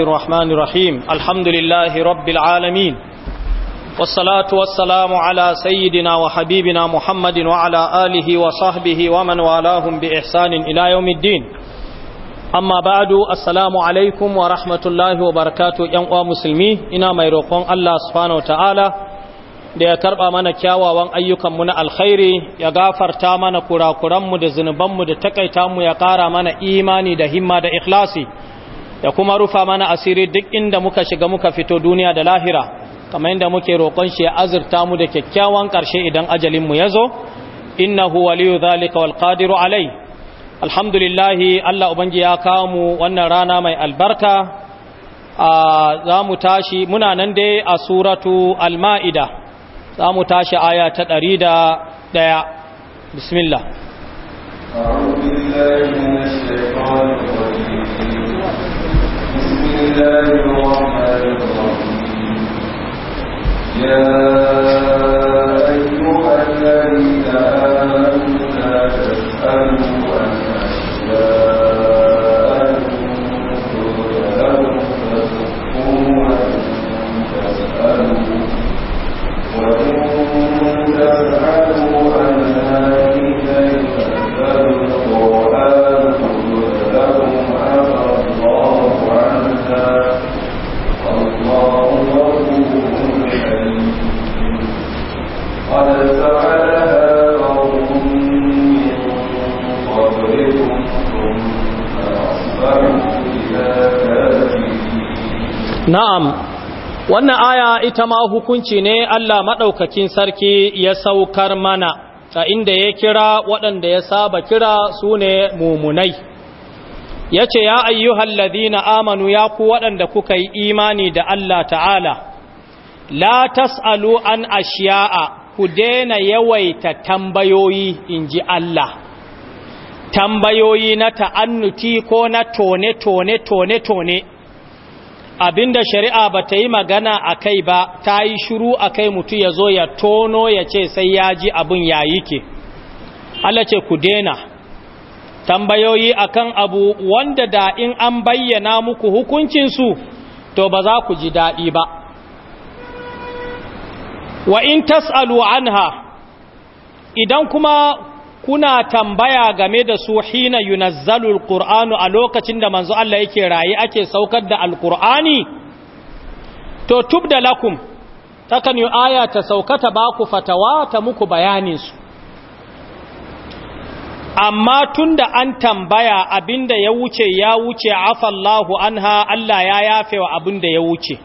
الرحمن الرحيم الحمد لله رب العالمين والصلاة والسلام على سيدنا وحبيبنا محمد وعلى آله وصحبه ومن والاهم بإحسان إلى يوم الدين أما بعد السلام عليكم ورحمة الله وبركاته يا مسلمي إنا ميروقون الله سبحانه وتعالى da ya karba mana kyawawan ayyukanmu na alkhairi ya gafarta mana kurakuranmu da zunubanmu da takaita mu ya kara mana imani da himma da ikhlasi ya kuma rufa mana asiri duk inda muka shiga muka fito duniya da lahira kamar inda muke roƙon shi ya azurta mu da kyakkyawan ƙarshe idan ajalin mu zo innahu waliyu zalika wal qadiru alai alhamdulillahi Allah ubangi ya kawo mu wannan rana mai albarka za mu tashi muna nan dai a suratu al-ma'ida za mu tashi aya ta 101 bismillah ɗaya بالله الله الرحمن الرحيم يا أيها الذين آمنوا لا تسألوا عن أشياء وإن تسألوا وإن تسألوا na'am wannan aya ita ma hukunci ne Allah maɗaukakin sarki ya saukar mana a inda ya kira waɗanda ya saba kira su ne mumunai ya ce ya ayyuhal ladina amanu ya ku waɗanda kuka yi imani da Allah ta'ala la tas'alu an ashiya'a ku daina yawaita tambayoyi in ji Allah tambayoyi na ta'annuti ko na tone tone tone tone abinda shari'a ba ta yi magana a kai ba ta yi shuru a kai mutu ya zo ya tono ya ce sai ya ji abin ya yi ke Allah ce ku dena tambayoyi akan abu wanda da in an bayyana muku hukuncinsu to ba za ku ji daɗi ba wa in tas'alu anha idan kuma kuna tambaya game da su hina yunazzalul qur'anu a lokacin da manzo Allah yake rayi ake saukar da alqur'ani to tubda lakum takan yi aya ta saukata ba ku fatawa ta muku bayanin su amma tunda an tambaya abinda ya wuce ya wuce afallahu anha Allah ya yafe wa abinda ya wuce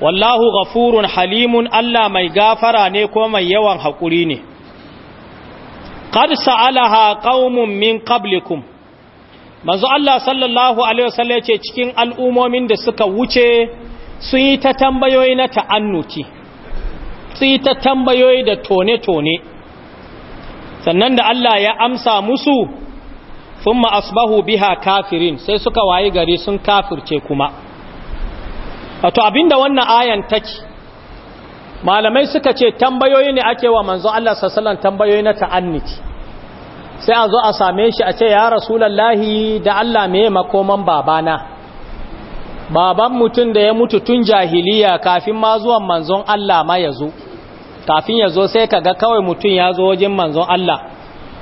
wallahu ghafurun halimun Allah mai gafara ne ko mai yawan haƙuri ne qad sa'alaha qaumun min qablikum manzo Allah sallallahu alaihi wasallam yace cikin al'umomin da suka wuce sun yi ta tambayoyi na ta'annuti sun yi ta tambayoyi da tone-tone sannan da Allah ya amsa musu sun asbahu biha kafirin sai suka wayi gari sun kafirce kuma wato abinda wannan ayan take malamai suka ce tambayoyi ne ake wa manzo Allah sassalan tambayoyi na ta'anniki sai a zo a same shi a ce ya rasulallahi da Allah me makoman babana baban mutum da ya mutu tun jahiliya kafin ma zuwan manzon Allah ma ya zo kafin ya zo sai kaga kawai mutum ya zo wajen manzon Allah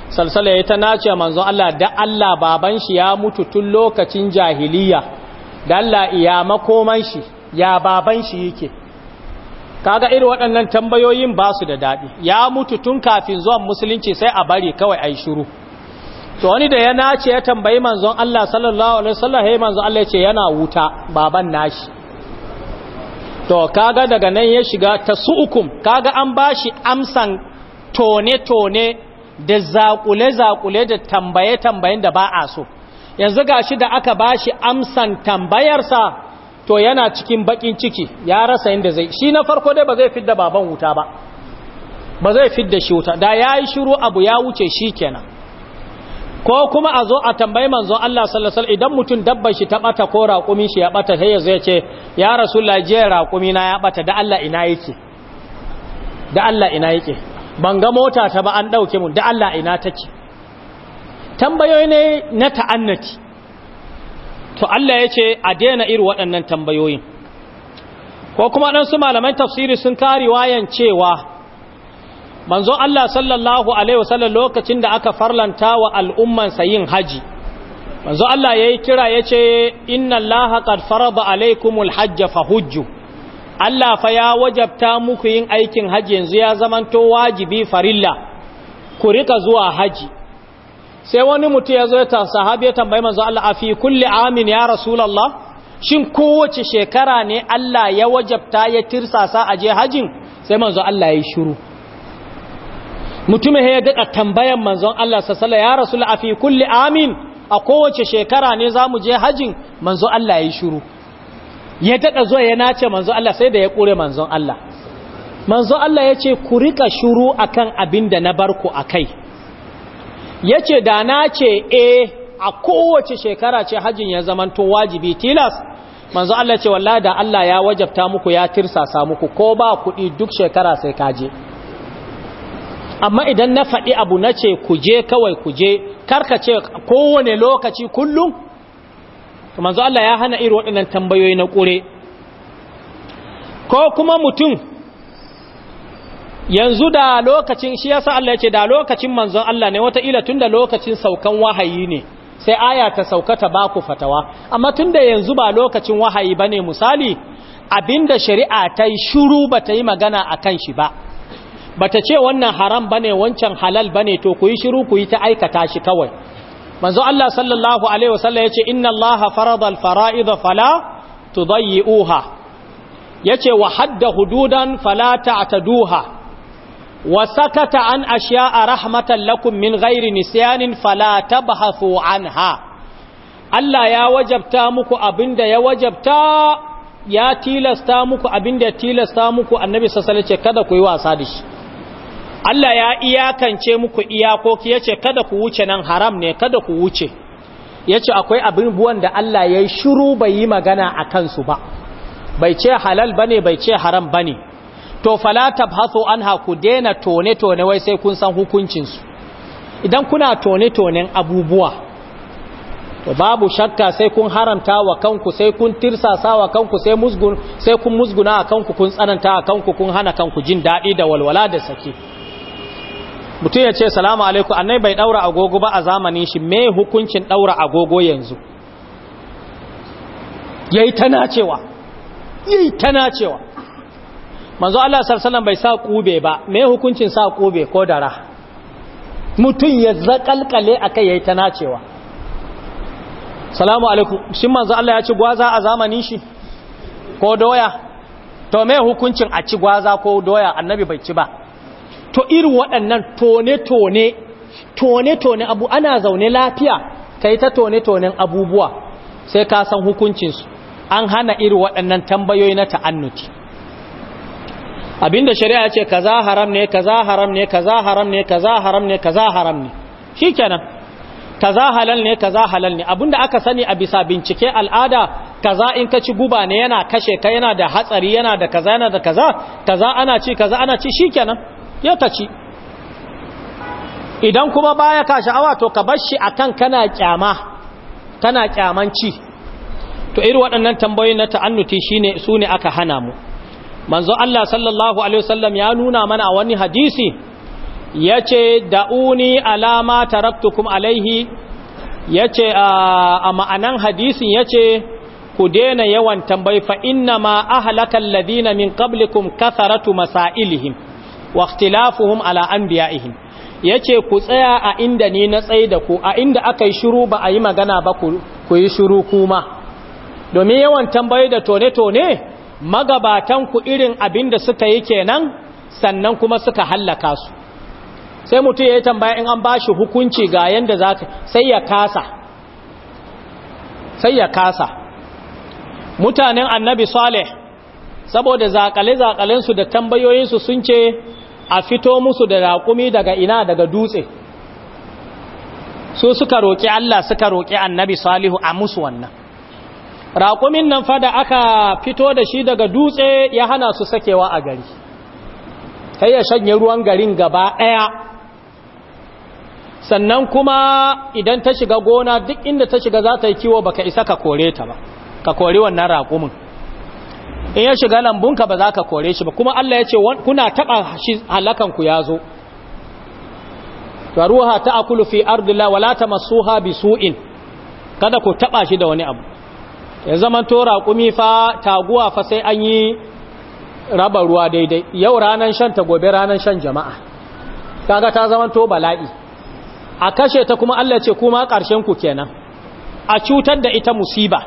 salsala ya ta nace manzon Allah da Allah baban shi ya mutu tun lokacin jahiliya da Allah iya makoman shi ya baban shi yake kaga irin waɗannan tambayoyin ba su da daɗi ya mutu tun kafin zuwan musulunci sai a bari kawai a yi shuru to wani da ya nace ya tambayi manzon Allah sallallahu alaihi wasallam hey manzon Allah ya ce yana wuta baban nashi to kaga daga nan ya shiga tasuukum kaga an bashi amsan tone tone da zakule zakule da tambaye tambayen da ba a so yanzu gashi da aka bashi amsan tambayarsa to yana cikin bakin ciki ya rasa inda zai shi na farko dai ba zai fidda baban wuta ba ba zai fidda shi wuta da ya yi shiru abu ya wuce shi kenan ko kuma a zo a tambayi manzon Allah sallallahu idan mutum dabbar shi ta bata ko raƙumin shi ya bata sai ya zo ya ce ya rasulullahi je raƙumi na ya bata da Allah ina yake da Allah ina yake ban ga mota ta ba an dauke mun da Allah ina take tambayoyi ne na ta'annati to Allah ya ce a daina iri waɗannan tambayoyin ko kuma ɗansu malaman tafsiri sun kari wayan cewa manzo Allah sallallahu alaihi wasallam lokacin da aka farlanta wa al'ummansa yin haji manzo Allah ya yi kira ya ce inna Allah qad farada alaikumul hajja fahujju Allah fa ya wajabta muku yin aikin haji yanzu ya zamanto wajibi farilla ku rika zuwa haji sai wani mutum ya zo ya sahabi ya tambayi manzo Allah a fi kulli amin ya rasulullah shin kowace shekara ne Allah ya wajabta ya tirsasa a je hajin sai manzo Allah ya yi shiru mutumin ya daɗa tambayan manzon Allah sassala ya rasu a fi kulli amin a kowace shekara ne za mu je hajin manzo Allah ya yi shiru ya daɗa zuwa ya nace manzo Allah sai da ya kore manzon Allah manzo Allah ya ce ku rika shiru akan abinda na barku akai. ya ce da na ce e a kowace shekara ce hajjin ya tun wajibi tilas manzo Allah ce wallahi da Allah ya wajabta muku ya tirsasa muku ko ba kuɗi duk shekara sai kaje amma idan na faɗi abu na ce kuje kawai kuje karkace kowane lokaci kullum manzo Allah ya hana irin waɗannan tambayoyi na ƙure ko kuma mutum yanzu da lokacin shi yasa Allah ya ce da lokacin manzon Allah ne wata ila tunda lokacin saukan wahayi ne sai aya ta sauka ta baku fatawa amma tunda yanzu ba lokacin wahayi ba ne misali abinda shari'a ta yi shuru ba ta yi magana a kan shi ba ba ta ce wannan haram ba ne wancan halal ba ne to ku yi shuru ku yi ta aikata shi kawai manzon Allah sallallahu alaihi wasallam ya ce inna Allah farada al fala ya yace wa hadda hududan fala ta'taduha wa sakata an ashiya rahmatan lakum min ghairi nisyanin fala an anha Allah ya wajabta muku abinda ya wajabta ya tilasta muku abinda ya tilasta muku annabi sallallahu ce kada ku yi wasa da shi Allah ya iyakance muku iyakoki yace kada ku wuce nan haram ne kada ku wuce yace akwai abubuwan da Allah ya yi shiru bai yi magana a kansu ba bai ce halal ne bai ce haram bane to fala tabhasu anha ku daina tone tone wai sai kun san hukuncin su idan kuna tone tonen abubuwa to babu shakka sai kun haramta wa kanku sai kun tirsasa wa kanku sai musgun sai kun musguna a kanku kun tsananta a kanku kun hana kanku jin daɗi da walwala da sake mutum ya ce salamu alaikum annai bai ɗaura agogo ba a zamanin shi me hukuncin daura agogo yanzu yayi tana cewa yayi tana cewa manzo Allah sallallahu bai sa kube ba me hukuncin sa kube ko dara Mutum ya zakalkale akai yayi ta nacewa salamu alaikum shin manzo Allah ya ci gwaza a zamanin shi ko doya to me hukuncin a ci gwaza ko doya annabi bai ci ba to irin waɗannan tone tone tone tone abu ana zaune lafiya kai ta tone tonen abubuwa sai ka san hukuncinsu an hana irin waɗannan tambayoyi na ta'annuti abinda shari'a ce kaza haram ne kaza haram ne kaza haram ne kaza haram ne kaza haram ne shikenan kaza halal ne kaza halal ne abinda aka sani a bisa bincike al'ada kaza in ka ci guba ne yana kashe ka yana da hatsari yana da kaza yana da kaza kaza ana ci kaza ana ci shikenan ya ta ci idan kuma baya ka sha'awa to ka bar shi akan kana kyama kana kyaman ci to irin waɗannan tambayoyi na ta'annuti shine su ne aka hana mu manzo Allah sallallahu alaihi wasallam ya nuna mana a wani hadisi yace da'uni alama taraktukum alaihi ce a ma'anan hadisin yace ku daina yawan tambayi fa inna ma ahlakal ladina min qablikum katharatu masailihim wa ikhtilafuhum ala Ya yace ku tsaya a inda ni na tsaye da ku a inda aka yi shiru ba a yi magana ba ku yi shiru kuma domin yawan tambayi da tone tone magabatanku irin abin da suka yi kenan sannan kuma suka hallaka su sai mutum ya tambaya in an ba shi hukunci ga yadda za ka sai ya kasa sai ya kasa mutanen annabi saleh saboda zakale-zakalensu da tambayoyinsu sun ce a fito musu da raƙumi daga ina daga dutse su suka roƙi allah suka roƙi annabi salihu a musu wannan raƙumin nan fa da aka fito da shi daga dutse ya hana su sakewa a gari sai ya shanye ruwan garin gaba ɗaya sannan kuma idan ta shiga gona duk inda ta shiga za ta yi kiwo ba ka isa ka kore ta ba ka kore wannan raƙumin in ya shiga lambunka ba za ka kore shi ba kuma Allah ya ce kuna taɓa shi halakanku ya zo ruwa ta akulu fi ardila wala ta masuha bi su'in kada ku taɓa shi da wani abu ya zama tora kumi fa taguwa fa sai an yi raba ruwa daidai yau ranar shan ta gobe ranar shan jama'a kaga ta zama to bala'i a kashe ta kuma Allah ce kuma ƙarshen ku kenan a cutar da ita musiba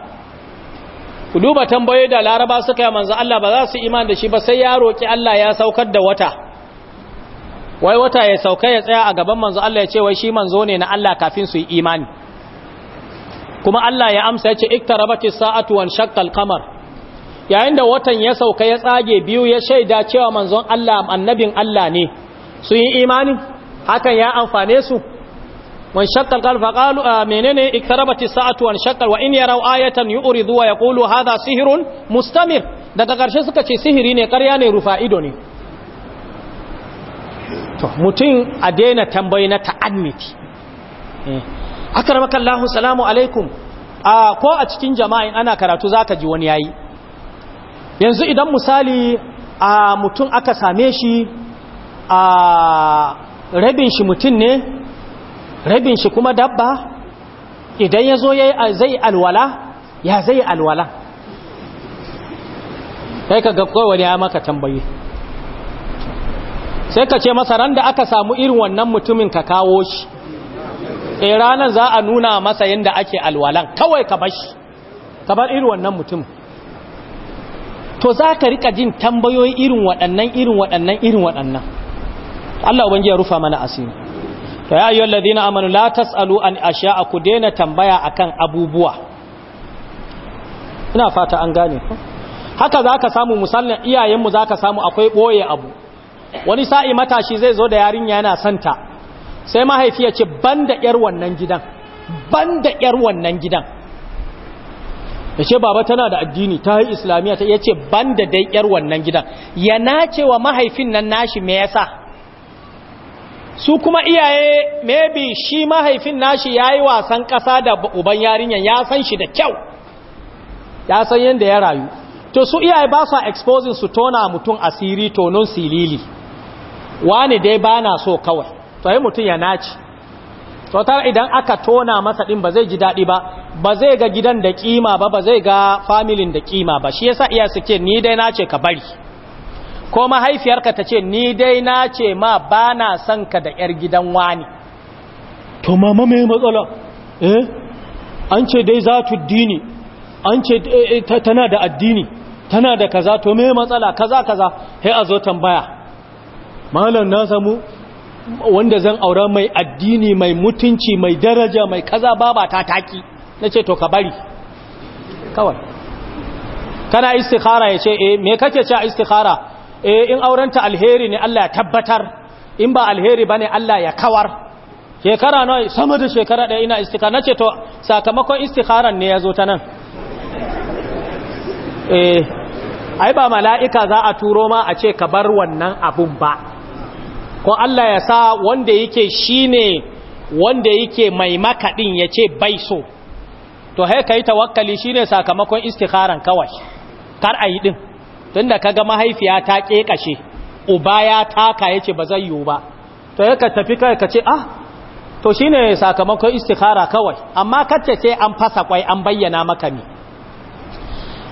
ku duba tambaye da laraba suka yi manzo Allah ba za su iman da shi ba sai ya roki Allah ya saukar da wata wai wata ya sauka ya tsaya a gaban manzo Allah ya ce wai shi manzo ne na Allah kafin su yi imani kuma Allah ya amsa ya ce iktarabati sa'atu wan shaqqal qamar yayin da watan ya sauka ya tsage biyu ya shaida cewa manzon Allah annabin Allah ne su yi imani hakan ya amfane su wan shaqqal qamar fa qalu ah, menene iktarabati sa'atu wan shaqqal wa in yaraw ayatan yu'ridu wa yaqulu hadha sihrun mustamir daga karshe suka ce sihiri ne ƙarya ne rufa'ido ne mutum a daina tambayi na ta'anniti eh. akramakallahu salamu alaikum a ko a cikin jama'in ana karatu za ka ji wani yayi yanzu idan misali a mutum aka same shi a rabin shi mutum ne rabin shi kuma dabba idan ya zo zai alwala ya zai alwala sai ka gafko wani ya maka tambayi sai ka ce masa ran da aka samu irin wannan mutumin ka kawo shi sai eh, ranar za a nuna masa yadda ake alwalan kawai ka bashi ka bar irin wannan mutum to za ka rika jin tambayoyi irin waɗannan irin waɗannan irin waɗannan Allah ubangiji ya rufa mana asiri to ya ayyuhal ladina amanu la tasalu an a ku daina tambaya akan abubuwa ina fata an gane haka za ka samu musallin iyayenmu za ka samu akwai ɓoye abu wani sa'i matashi zai zo da yarinya yana santa sai mahaifi ya ce ban da ƴar wannan gidan ban da ƴar wannan gidan ya ce baba tana da addini ta yi islamiyya ta ya ce ban da dai ƴar wannan gidan ya nace wa mahaifin nan nashi me yasa su kuma iyaye maybe shi mahaifin nashi ya yi wasan ƙasa da uban yarinyan ya san shi da kyau ya san yadda ya rayu to su iyaye ba su exposing su tona mutum asiri tonon silili wani dai ba na so kawai to yi mutum ya naci to tar idan aka tona masa ɗin ba zai ji daɗi ba ba zai ga gidan da ƙima ba ba zai ga familin da ƙima ba shi yasa iya suke ni dai nace ka bari ko mahaifiyarka ta ce ni dai nace ma ba na son ka da 'yar gidan wani to mama mai matsala eh an ce dai za tu dini an ce eh, eh, tana da addini tana da kaza to mai matsala kaza kaza sai a zo tambaya malam na samu wanda zan aura mai addini mai mutunci mai daraja mai kaza baba ta taki na ce to ka bari kawai kana istikhara ya ce eh me kake cewa istikhara eh in aurenta alheri ne Allah ya tabbatar in ba alheri bane Allah ya kawar shekara nawa sama da shekara ɗaya ina istikhara nace to sakamakon istikharan ne yazo ta nan eh ai ba mala'ika za a turo ma a ce ka bar wannan abun ba ko Allah ya sa wanda yake shine wanda yake mai makaɗin ya ce bai so to hai ka yi tawakkali ne sakamakon istikharan kawai kar a yi ɗin tunda ga mahaifiya ta ƙeƙashe uba ya taka ya ce ba zai yiwu ba to ya ka tafi kai ka ce ah to shi ne sakamakon istikhara kawai amma kacce sai an fasa kwai an bayyana maka ne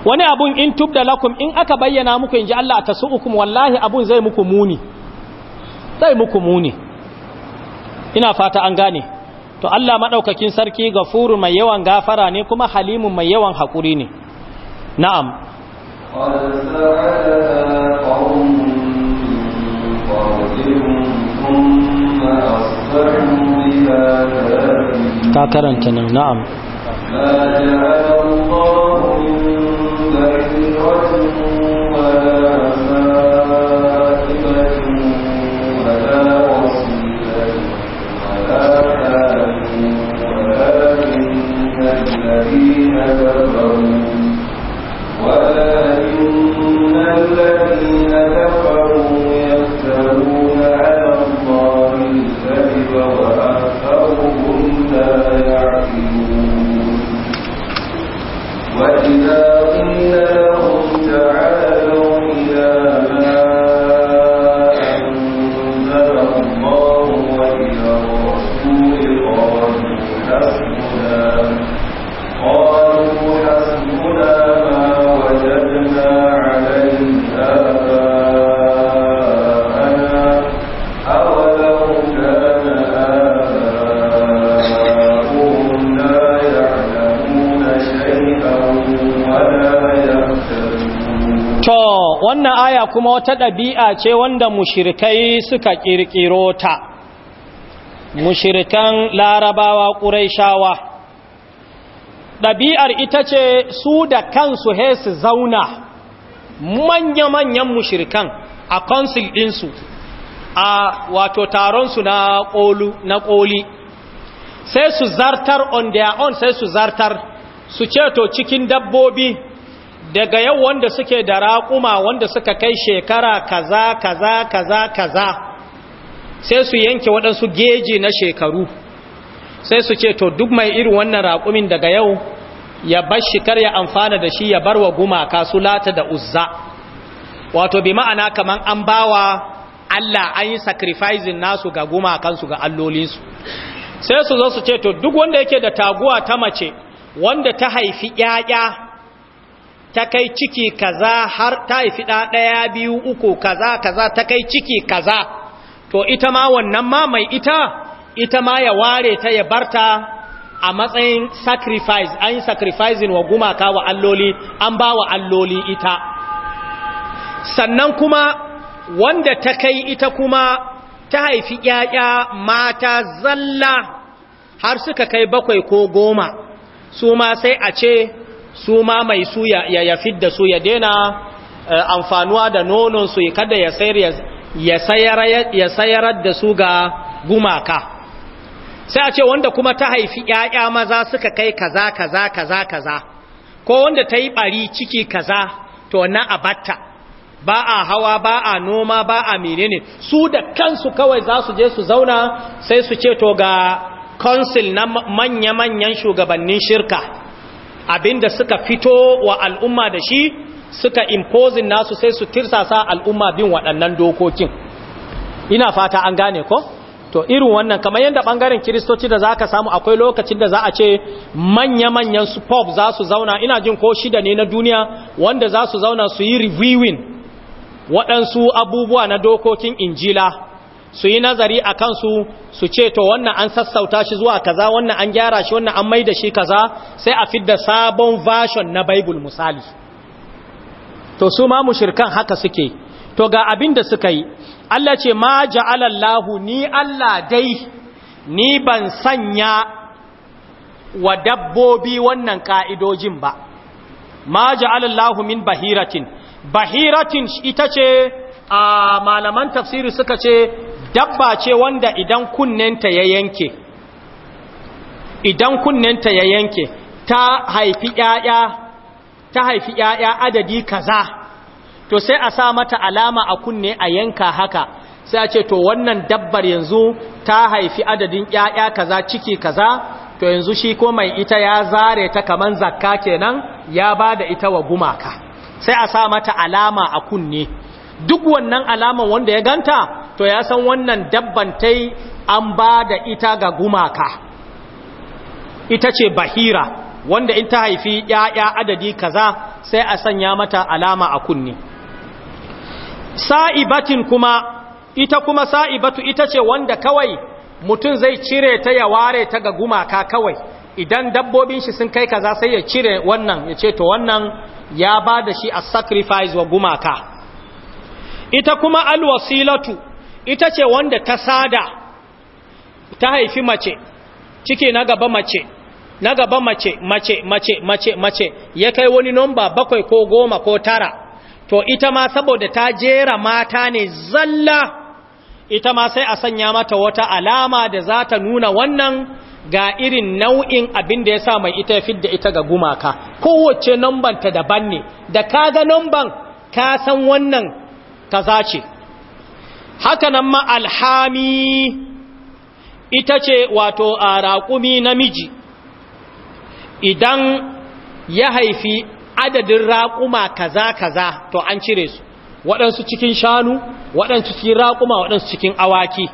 wani abun in tubda lakum in aka bayyana muku inji Allah ta su'ukum wallahi abun zai muku muni zai muku muni ina fata an gane to Allah madaukakin sarki gafuru mai yawan gafara ne kuma halimun mai yawan hakuri ne na'am ka karanta nan na'am ما جعل الله من بعيرة kuma wata ɗabi'a ce wanda mushirikai suka ƙirƙiro ta mushirikan larabawa ƙuraishawa ɗabi'ar ita ce su da kansu he su zauna manya-manyan mushirikan a konsil ɗinsu a wato taronsu na ƙoli sai su zartar on their own sai su zartar su ceto cikin dabbobi daga yau wanda suke da raƙuma wanda suka kai shekara kaza kaza kaza kaza sai su yanke waɗansu geji na shekaru sai su ce to duk mai irin wannan raƙumin daga yau ya bar shekar ya amfana da shi ya bar wa gumaka su lata da uzza wato bi ma'ana kaman an bawa Allah an yi sacrificing nasu ga gumakansu ga allolinsu sai su zo su ce to duk wanda yake da taguwa ta mace wanda ta haifi ƴaƴa. ta kai ciki kaza har ta haifi ɗaya biyu uku kaza kaza ta kai ciki kaza to ita ma wannan ma mai ita ita ma ya ware ta ya barta a matsayin sacrifice an yi sacrificing wa gumaka wa alloli an ba wa alloli ita sannan kuma wanda ta kai ita kuma ta haifi ‘ya'ya mata zalla har suka kai bakwai ko goma su ma sai a ce su ma mai su ya fidda su ya daina eh, amfanuwa da nononsu kada ya sayar da su ga gumaka sai a ce wanda kuma ta haifi ‘ya'ya maza suka kai kaza kaza kaza kaza ko wanda ta yi ɓari ciki kaza to na abatta ba a hawa ba a noma ba a menene su da kansu kawai za su je su zauna sai su ce to ga council na manya-manyan shugabannin shirka abinda suka fito wa al'umma da shi suka imposing nasu sai su tirsasa al'umma bin waɗannan dokokin ina fata an gane ko to irin wannan kamar yadda ɓangaren kiristoci da za ka samu akwai lokacin da za a ce manya-manyan su pop za su zauna ina jin ko shida ne na duniya wanda za su zauna su yi reviewing waɗansu abubuwa na dokokin injila su yi nazari a kansu su ce to wannan an sassauta shi zuwa kaza wannan an gyara shi wannan an maida shi kaza sai a fidda sabon version na bible misali to su ma mushrikan haka suke to ga abin da suka yi Allah ce ma ja'alallahu ni Allah dai ni ban sanya wa dabbobi wannan ka'idojin ba ma ja'alallahu min bahiratin bahiratin ita ce a malaman tafsiri suka ce dabba ce wanda idan kunnenta ya yanke idan kunnenta ya yanke ta haifi ƴaƴa ta haifi ƴaƴa adadi kaza to sai a sa mata alama a kunne a yanka haka sai a ce to wannan dabbar yanzu ta haifi adadin ƴaƴa kaza ciki kaza to yanzu shi ko mai ita ya zare ta kaman zakka kenan ya bada ita wa gumaka sai a sa mata alama a kunne duk wannan alaman wanda ya ganta to ya san wannan dabban tai an ba da ita ga gumaka ita ce bahira wanda in ta haifi ‘ya'ya adadi kaza sai a sanya mata alama a kunni sa'ibatin kuma ita kuma sa'ibatu ita ce wanda kawai mutum zai cire ta ya ware ta ga gumaka kawai idan dabbobin shi sun kai kaza sai ya cire wannan ya ce to wannan ya ba da shi a sacrifice wa gumaka ita kuma alwasilatu ita ce wanda ta sada ta haifi mace ciki na gaba mace na gaba mace mace mace mace mace ya kai wani nomba bakwai ko goma ko tara to ita ma saboda ta jera mata ne zalla ita ma sai a sanya mata wata alama da za ta nuna wannan ga irin nau'in abin da ya sa mai ita ya fidda ita ga gumaka kowace ta daban ne da kaga nomban ka san wannan kaza ce haka nan ma alhami ita ce wato a raƙumi namiji idan ya haifi adadin raƙuma kaza kaza to an cire su waɗansu cikin shanu waɗansu cikin raƙuma waɗansu cikin awaki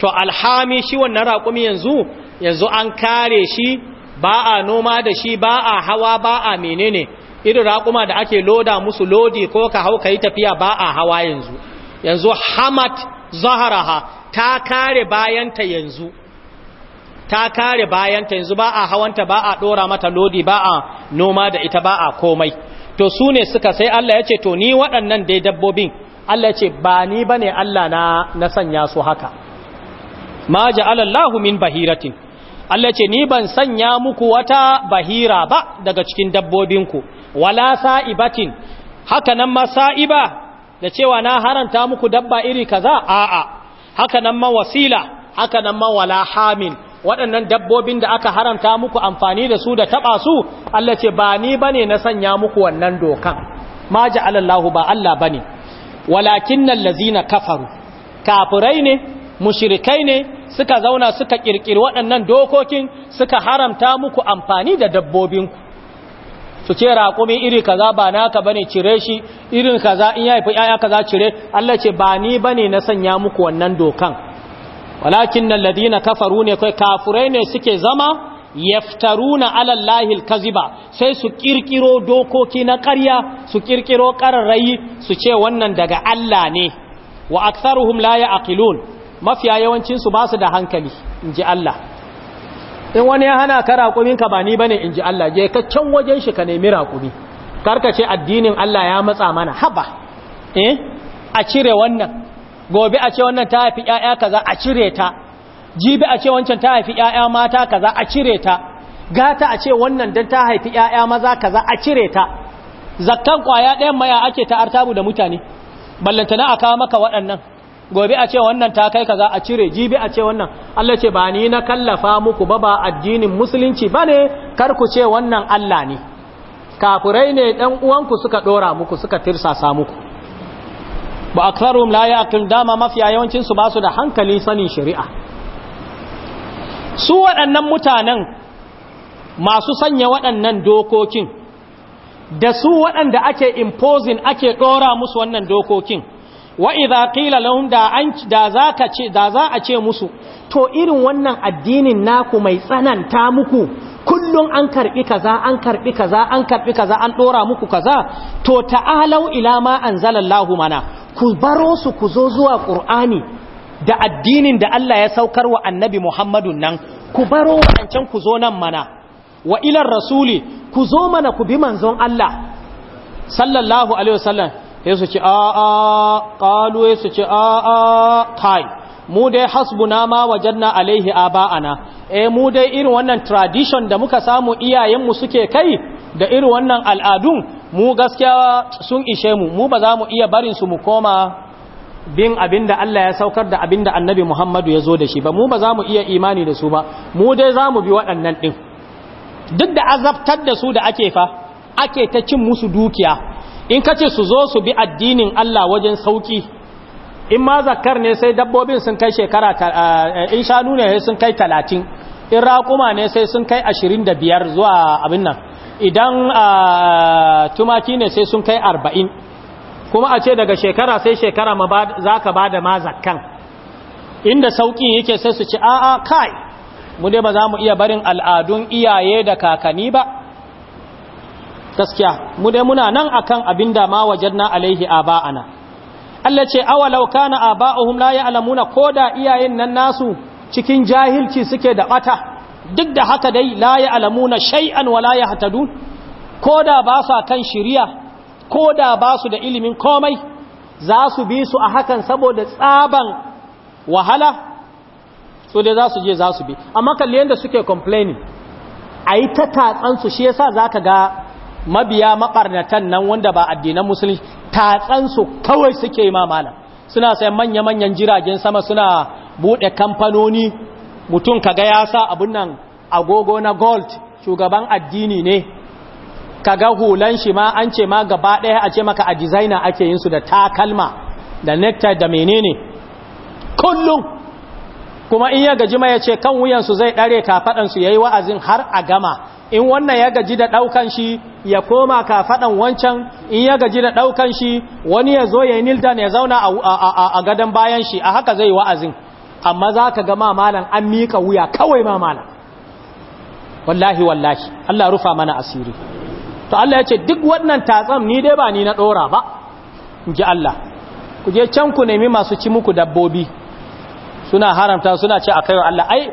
to alhami shi wannan raƙumi yanzu yanzu an kare shi ba a noma da shi ba a hawa ba a menene irin raƙuma da ake loda musu lodi ko ka hau ka tafiya ba a hawa yanzu yanzu Hamad zaharaha ta kare bayanta yanzu ta kare bayanta yanzu ba a hawanta ba a ɗora mata lodi ba a noma da ita ba a komai to su ne suka sai Allah ya ce to ni waɗannan dai dabbobin Allah ya ce ba ni ba ne Allah na, na sanya su haka ma ja'alallahu min bahiratin Allah ya ce ni ban sanya muku wata bahira ba daga cikin dabbobinku wala sa'ibatin haka nan ma sa'iba da cewa na haranta muku dabba iri kaza a'a haka nan ma wasila haka nan ma wala hamil waɗannan dabbobin da aka haramta muku amfani da su da taɓa su Allah ce ba ni bane na sanya muku wannan dokan ma ji alallahu ba Allah bane ne walakin nan kafaru kafirai ne mushirikai ne suka zauna suka ƙirƙiri waɗannan dokokin suka haramta muku amfani da dabbobinku su ce raƙumi iri kaza ba naka bane cire shi irin kaza in ya haifi ƴaƴa kaza cire Allah ce ba ni bane na sanya muku wannan dokan walakin Ladina kafaru ne kai kafurai ne suke zama yaftaruna ala allahi alkaziba sai su kirkiro dokoki na ƙarya su kirkiro ƙararrayi su ce wannan daga Allah ne wa aktharuhum la yaqilun mafiya yawancin su ba su da hankali inji Allah in wani ya hana ka ka ba ni bane in ji Allah je ka can wajen shi ka nemi raƙumi ce addinin Allah ya matsa mana haba eh a cire wannan gobe a ce wannan ta haifi ƴaƴa kaza a cire ta jibi a ce wancan ta haifi ƴaƴa mata kaza a cire ta gata a ce wannan dan ta haifi ƴaƴa maza kaza a cire ta zakkan kwaya ɗayan maya ake ta artabu da mutane ballantana a kawo maka waɗannan gobe a ce wannan ta kai kaza a cire jibi a ce wannan Allah ce ba ni na kallafa muku ba ba addinin musulunci ba ne kar ku ce wannan Allah ne Kafurai ne ɗan uwanku suka ɗora muku suka tirsasa muku ba aktharum la yaqil dama mafiya yawancin su ba su da hankali sanin shari'a su waɗannan mutanen masu sanya waɗannan dokokin da su waɗanda ake imposing ake ɗora musu wannan dokokin wa ƙila qila lahum da an da zaka ce da za a ce musu to irin wannan addinin naku mai tsananta muku kullum an karbi kaza an karbi kaza an karbi kaza an dora muku kaza to ta'alau ila ma anzalallahu mana ku baro su ku zo zuwa qur'ani da addinin da Allah ya saukar wa annabi Muhammadun nan ku baro wancan ku zo nan mana wa rasuli ku zo mana ku bi manzon Allah sallallahu alaihi wasallam sai su a'a Kalu, sai su a'a kai mu dai hasbuna ma wajen na alaihi na eh mu dai irin wannan tradition da muka samu iyayenmu suke kai da irin wannan al'adun mu gaskiya sun ishe mu mu ba za mu iya barin su mu koma bin abinda Allah ya saukar da abinda Annabi Muhammadu ya zo da shi ba mu ba za mu iya imani da su ba mu dai za mu bi waɗannan ɗin duk da azabtar da su da ake fa ake ta cin musu dukiya in ka ce su zo su bi addinin Allah wajen sauki in ma zakar ne sai dabbobin sun kai shekara in shanu ne sun kai talatin in raƙuma ne sai sun kai ashirin da biyar zuwa abin nan idan tumaki ne sai sun kai arba'in kuma a ce daga shekara sai shekara za ka ba da ma zakkan inda sauƙi yake sai su ci a'a kai mu dai ba za mu iya barin al'adun iyaye da kakanni ba gaskiya mu dai muna nan akan abin da ma wajanna alaihi aba'ana Allah ce awalau kana aba'uhum la ya'lamuna koda iyayen nan nasu cikin jahilci suke da bata duk da haka dai la ya'lamuna shay'an wa la yahtadun koda ba su kan shiriya koda ba su da ilimin komai za su bi su a hakan saboda tsaban wahala so dai za su je za su bi amma kalle yanda suke complaining a yi ta tatsansu shi yasa za ga mabiya maɓarnatan nan wanda ba addinan musulunci tatsansu kawai suke ma malam suna sayan manya-manyan jiragen sama suna buɗe kamfanoni mutum kaga ya sa abun nan agogo na gold shugaban addini ne kaga hulan shi ma an ce ma gaba ɗaya a ce maka a dizaina ake yin su da takalma da nectar da menene kullum kuma in ya gaji ma ya ce kan wuyansu zai ɗare kafaɗansu ya yi wa'azin har a gama in wannan ya gaji da ɗaukan shi ya koma kafaɗan wancan in ya gaji da ɗaukan shi wani ya zo ya yi nildan ya zauna a gadon bayan shi a haka zai wa'azin amma za ka ga mamalan an mika wuya kawai mamalan wallahi wallahi Allah rufa mana asiri to Allah ya ce duk wannan tatsan ni dai ba ni na ɗora ba in ji Allah ku je can ku nemi masu ci muku dabbobi suna haramta suna ce a kaiwa Allah ai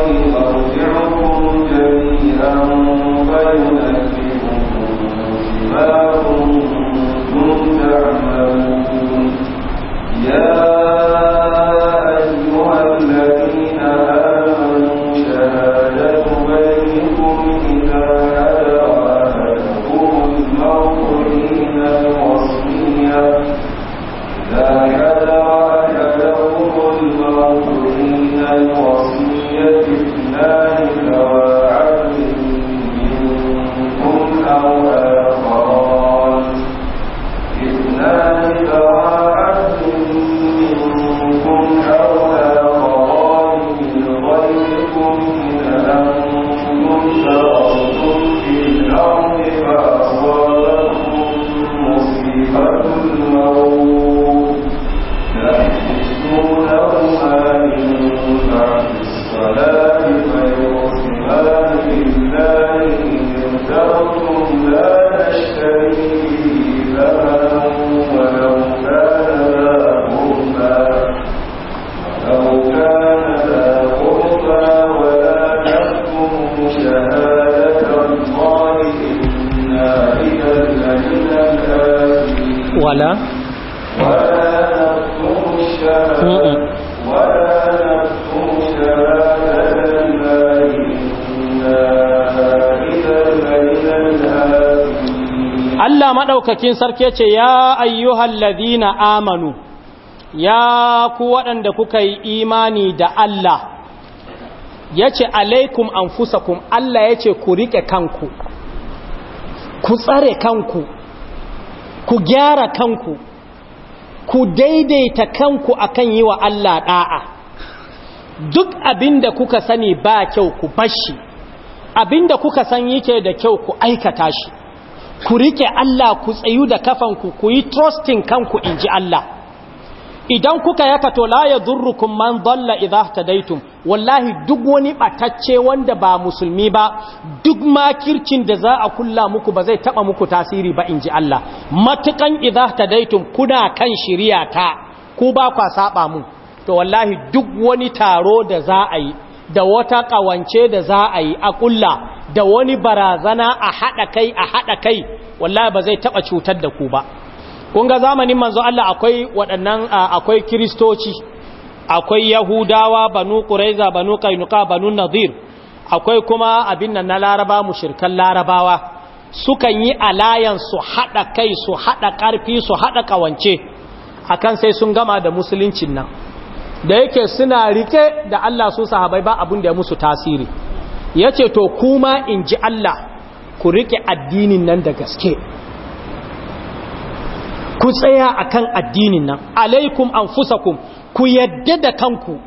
إله maɗaukakin sarki ce ya ayyuhan ladina amanu ya ku waɗanda kuka yi imani da Allah ya ce alaikum fusakun Allah ya ce ku riƙe kanku ku tsare kanku ku gyara kanku ku daidaita kanku akan yi wa Allah ɗa'a duk abinda kuka sani ba kyau ku bashi abinda kuka san yake da kyau ku aikata shi ku rike Allah ku tsayu da kafanku ku yi trustin kanku in ji Allah idan kuka yaka to la ya yadurrukum man dalla idha tadaitum wallahi duk wani batacce wanda ba musulmi ba duk ma kirkin da za a kulla muku ba zai taba muku tasiri ba in ji Allah matukan idha tadaitum kuna kan shiriya ta ku ba kwa saba mu to wallahi duk wani taro da za a yi da wata kawance da za a yi a kulla da wani barazana a haɗa kai a haɗa kai wallahi ba zai taɓa cutar da ku ba kun zamanin manzo Allah akwai waɗannan akwai kiristoci akwai yahudawa banu quraiza banu kainuka banu Nazir akwai kuma abin nan na laraba mushirkan larabawa sukan yi alayan su haɗa kai su haɗa ƙarfi su haɗa ƙawance akan sai sun gama da musuluncin nan da yake suna rike da Allah su sahabai ba abin da ya musu tasiri ya ce to kuma in ji Allah ku riƙe addinin nan da gaske ku tsaya a kan addinin nan alaikum an fusakun ku yadda da kanku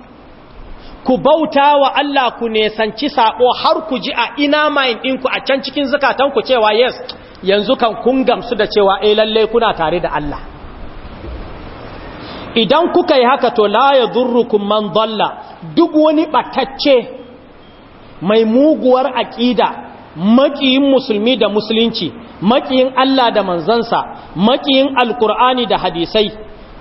ku bauta wa Allah ku nesanci saɓo har ku ji a ina mayin ɗinku a can cikin zukatanku cewa yes yanzu kan kun gamsu da cewa e lalle kuna tare da Allah idan kuka yi haka to la ya durrukum man dalla duk wani ɓatacce mai muguwar aƙida makiyin musulmi da musulunci makiyin Allah da manzansa makiyin Alƙur'ani da hadisai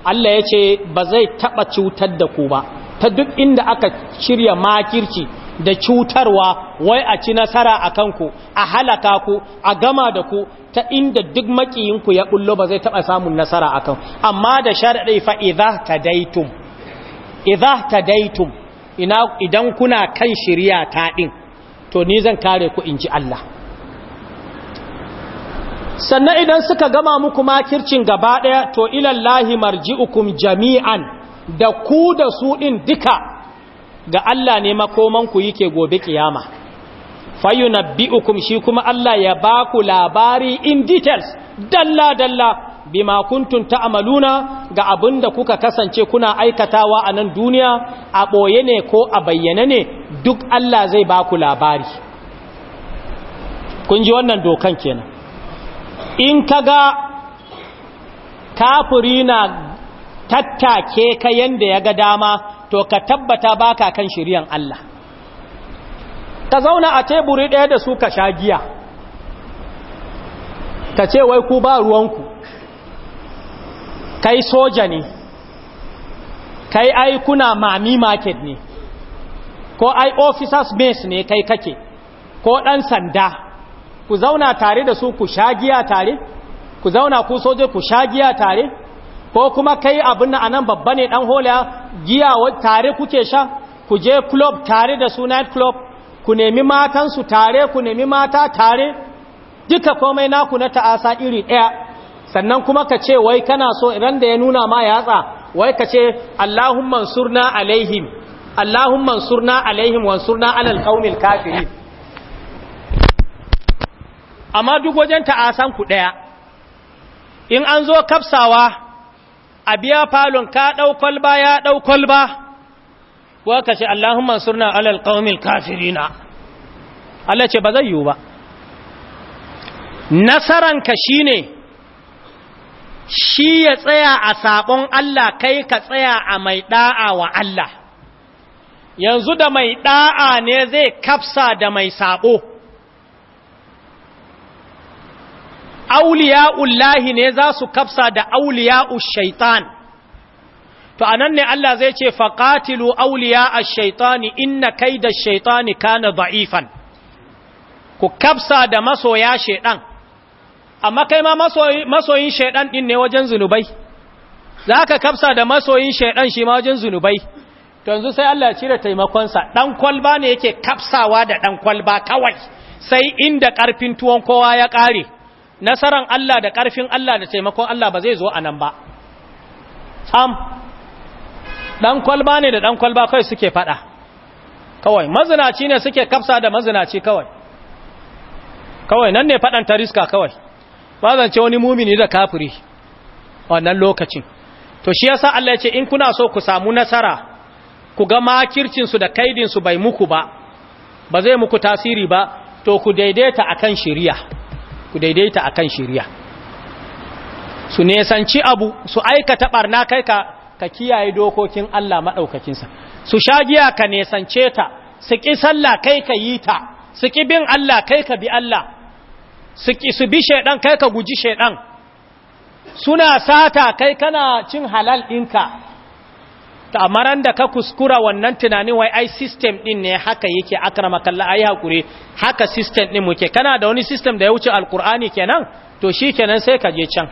Allah ya ce ba zai taɓa cutar da ku ba ta duk inda aka shirya makirci da cutarwa wai a ci nasara a kanku a halaka ku a gama da ku ta inda duk makiyinku ya ɓullo ba zai taɓa samun nasara a kanku. amma da sharaɗai fa ta tadaitum ina idan kuna kan shirya ta ɗin to ni zan kare ku in ji Allah sannan idan suka gama muku makircin gaba ɗaya to ilallahi marji'ukum jami'an da ku da su ɗin duka ga Allah ne makomanku yake gobe kiyama fayunabbi'ukum shi kuma Allah ya baku labari in details dalla dalla bima kuntum ta'maluna ga da kuka kasance kuna aikatawa a nan duniya a ɓoye ne ko a bayyane ne duk Allah zai ba ku labari kun ji wannan dokan kenan in ka ga kafuri na tattake ka yadda ya ga dama to ka tabbata baka kan shiriyan Allah ka zauna a teburi ɗaya da su ka sha giya ka ce wai ku ba ruwanku kai soja ne kai ai kuna mami market ne ko ai officers base ne kai kake ko ɗan sanda ku zauna tare da su ku shagiya tare ku zauna ku soje ku shagiya tare ko kuma kai abin nan anan babba ne dan hola giya tare kuke sha ku je club tare da su night club ku nemi matansu tare ku nemi mata tare duka komai naku na ta'asa iri ɗaya sannan kuma ka ce wai kana so idan da ya nuna ma yatsa wai ka ce Allahumma surna alaihim Allahumma surna alaihim wansurna alal qaumil kafirin amma duk wajen ta'asan ku ɗaya, in an zo kafsawa a biya falon ka dau kolba ya dau kolba ko ka ce Allahumma surna alal qaumil kafirina Allah ce ba zai yiwu ba nasaranka shi ne. shi ya tsaya a sabon Allah kai ka tsaya a mai ɗa'a wa Allah yanzu da mai da'a ne zai kafsa da mai sabo auliya'ullahi ne za su kafsa da auliya'u shaitan to anan ne Allah zai ce faqatilu a shaitani inna da shaitani kana da'ifan ku kafsa da masoya shaitan amma kai ma masoyin shaidan din ne wajen zunubai za ka kafsa da masoyin shaidan shi ma wajen zunubai yanzu sai Allah cire taimakonsa ɗan kwalba ne yake kafsawa da ɗan kwalba kawai sai inda ƙarfin tuwon kowa ya ƙare nasaran Allah da ƙarfin Allah da taimakon Allah ba zai zo a nan ba am ɗan kwalba ne da ɗan kwalba kawai suke faɗa kawai mazinaci ne suke kafsa da mazinaci kawai kawai nan ne fadan tariska riska kawai ba zance wani mumini da kafiri wannan lokacin to shi yasa Allah ya ce in kuna so ku samu nasara ku ga makircin su da kaidin su bai muku ba ba zai muku tasiri ba to ku daidaita akan shiriya ku daidaita akan shiriya su nesanci abu su aikata barna kai ka ka kiyaye dokokin Allah sa su sha giya ka nesance ta su ki sallah kai ka yi ta su ki bin Allah kai ka bi Allah su bi shaidan kai ka guji shaidan suna sata kai kana cin halal ɗinka tamaran da ka kuskura wannan tunanin wai ai system ɗin ne haka yake akrama kalla ai hakuri haka system ɗin muke kana da wani system da ya wuce alkur'ani kenan to shi kenan sai ka je can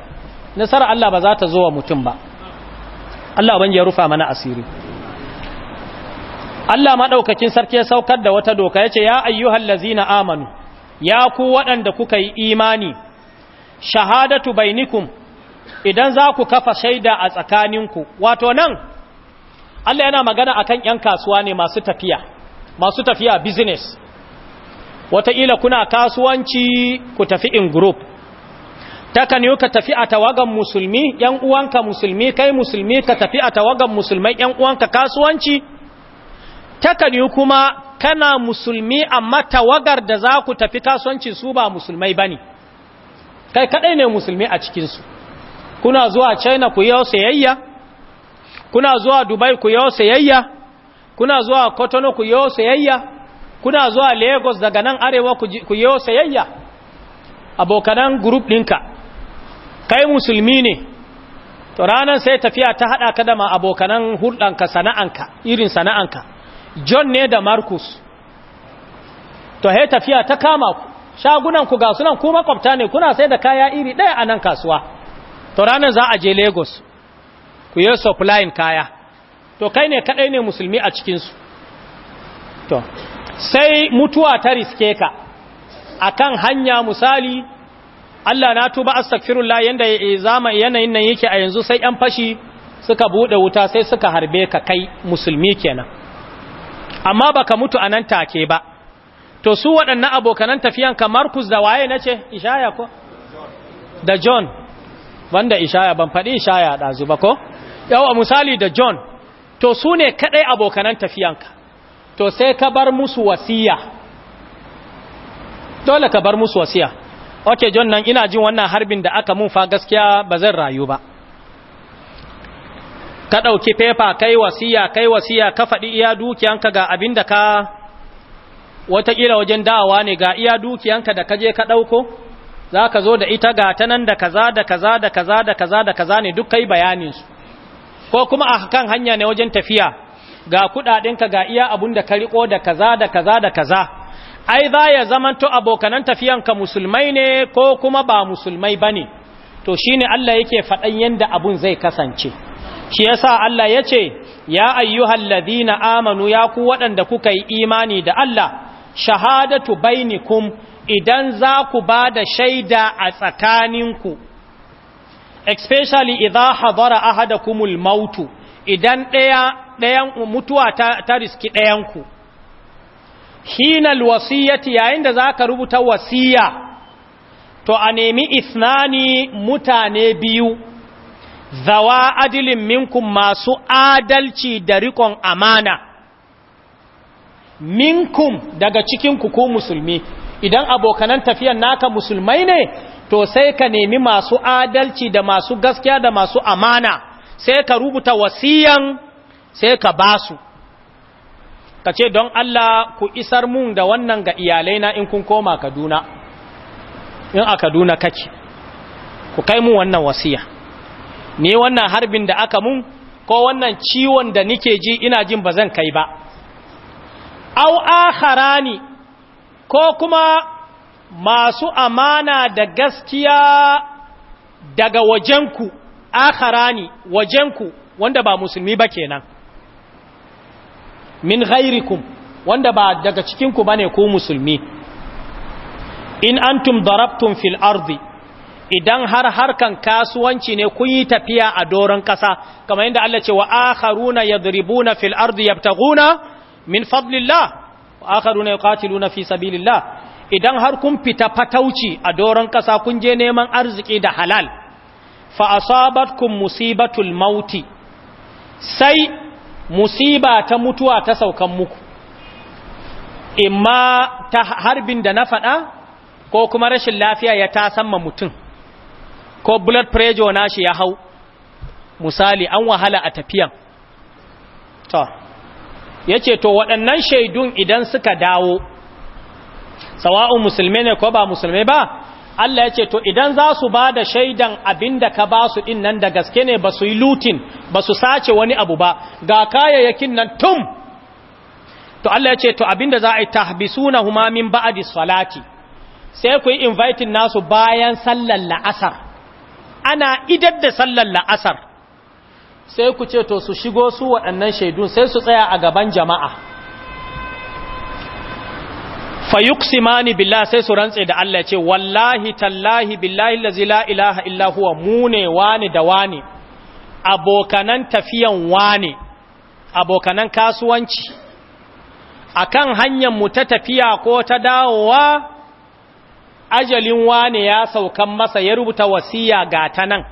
nasarar Allah ba za ta zo wa mutum ba Allah ban ya rufa mana asiri Allah maɗaukakin sarki ya saukar da wata doka ya ce ya ayyuhallazina amanu ya ku waɗanda kuka yi imani shahadatu bainikum idan za ku kafa shaida a tsakaninku wato nan Allah yana magana akan ‘yan kasuwa ne masu tafiya masu tafiya business wataƙila kuna kasuwanci ku tafi in group takan ka tafi a tawagan musulmi ‘yan uwanka musulmi kai musulmi ka tafi a tawagan musulmai ‘yan uwanka kasuwanci takan yi kuma kana musulmi amma tawagar da za ku tafi kasuwanci su ba musulmai ba ne kai kadai ne musulmi a cikinsu kuna zuwa china ku yau sayayya kuna zuwa dubai ku yau sayayya kuna zuwa kotono ku yau sayayya kuna zuwa lagos daga nan arewa ku yau sayayya abokanan group ɗinka kai musulmi ne to ranar sai tafiya ta haɗa ka da ma abokanan hulɗanka sana'anka irin sana'anka john ne da marcus to he tafiya ta kama ku shagunan ga sunan ku makwabta ne kuna sai da kaya iri ɗaya a nan kasuwa to ranar za a je lagos ku yi supply kaya to kai ne kaɗai ne musulmi a cikinsu to sai mutuwa ta riske ka akan hanya misali Allah na tuba astaghfirullah yanda eh, zama yanayin nan yake a yanzu sai yan fashi suka bude wuta sai suka harbe ka kai musulmi kenan amma baka mutu a nan take ba to su waɗannan abokanan tafiyan ka Markus da waye nace ce ishaya ko da John wanda ishaya ban faɗi ishaya ɗazu ba ko yawa misali da John to su ne kaɗai abokanan tafiyanka to sai ka bar musu wasiya dole ka bar musu wasiya ok John nan ina jin wannan harbin da aka mun fa gaskiya ba zan rayu ba ka ɗauki fefa kai wasiya kai wasiya ka faɗi iya dukiyanka ga abin da ka watakila wajen dawa ne ga iya dukiyanka da kaje ka ɗauko za ka zo da ita ga ta nan da kaza da kaza da kaza da kaza da kaza ne duk kai bayaninsu ko kuma a kan hanya ne wajen tafiya ga kuɗaɗinka ga iya abun da ka riƙo da kaza da kaza da kaza ai za ya zamanto abokanan ka musulmai ne ko kuma ba musulmai ba ne to shine Allah yake faɗan yadda abun zai kasance shi yasa Allah ya ce ya ayyuhal ladina amanu ya ku waɗanda kuka yi imani da Allah shahadatu bainikum idan za ku ba da shaida a tsakaninku especially idza hadara ahadakumul mautu idan ɗaya ɗayan mutuwa ta, ta riski ɗayanku hinal wasiyati yayin da za ka rubuta wasiya to a nemi isnani mutane biyu zawa adilin minkum masu adalci da rikon amana minkum daga cikin ku musulmi idan abokanan tafiyan naka musulmai ne to sai ka nemi masu adalci da masu gaskiya da masu amana sai ka rubuta wasiyan sai ka basu ka ce don Allah ku isar mun da wannan ga iyalai na in kun koma Kaduna in a Kaduna kake ku kai mu wannan wasiya ni wannan harbin da aka mun ko wannan ciwon da nike ji ina jin ba zan kai ba au akharani ko kuma masu amana da gaskiya daga wajenku akharani wajenku wanda ba musulmi ba kenan min ghairikum wanda ba daga cikinku bane ku musulmi in antum darabtum fil ardi idan har harkan kasuwanci ne kun yi tafiya a doron ƙasa kamar yadda Allah ce wa akharuna yadribuna fil ardi yabtaguna min fadlillah wa akharuna yuqatiluna fi sabilillah idan har kun fita fatauci a doron ƙasa kun je neman arziki da halal fa asabatkum musibatul mauti sai musiba ta mutuwa ta saukan muku imma ta harbin da na faɗa ko kuma rashin lafiya ya tasamma mutum ko blood pressure shi ya hau misali an wahala a tafiyan to yace to waɗannan shaidun idan suka dawo sawa'un musulmi ne ko ba musulmi ba Allah yace to idan za su ba da shaidan abinda ka ba su din nan da gaske ne ba su yi lutin ba su sace wani abu ba ga kayayyakin nan tum to Allah yace to abinda za a yi tahbisuna huma min ba'di salati sai ku yi inviting nasu bayan sallar la'asar ana idar da sallar la'asar sai ku ce to su shigo su waɗannan shaidun sai su tsaya a gaban jama'a simani billa sai su rantse da Allah ce wallahi tallahi billahi la la ilaha illa huwa mune wani da wani abokanan tafiyan wani abokanan kasuwanci kan hanyar mu ta tafiya ko ta dawowa ajalin wane ya saukan masa ya rubuta wasiya ga ta nan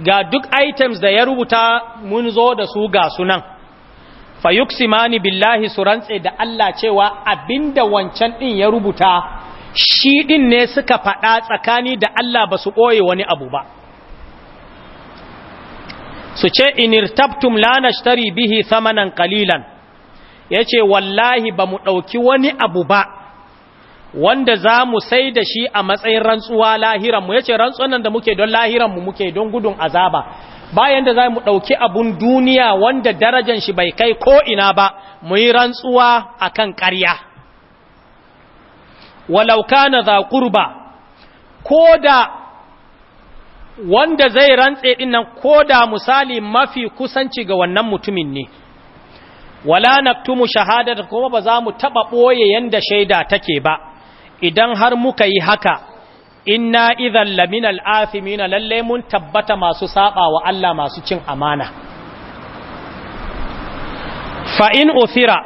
ga duk items da ya rubuta mun zo da su ga sunan fayuksimani billahi su rantse da Allah cewa abinda wancan din ya rubuta shi din ne suka faɗa tsakani da Allah ba su ɓoye wani abu ba su ce inirtabtum lanashtari bihi samanan kalilan ya ce wallahi ba mu ɗauki wani abu ba wanda za mu sai da shi a matsayin rantsuwa lahiranmu ya ce rantsuwan da muke don lahiran mu muke don gudun azaba bayan da za mu ɗauki abun duniya wanda darajan shi bai kai ko ina ba mu yi rantsuwa akan kan ƙarya walauka na za ko da wanda zai rantse ɗinnan ko da misali mafi kusanci ga wannan mutumin ne wala naktumu shahadar kuma ba za mu taɓa ɓoye yanda shaida take ba idan har muka yi haka inna idan laminal afimina lallai mun tabbata masu saba wa Allah masu cin amana fa in uthira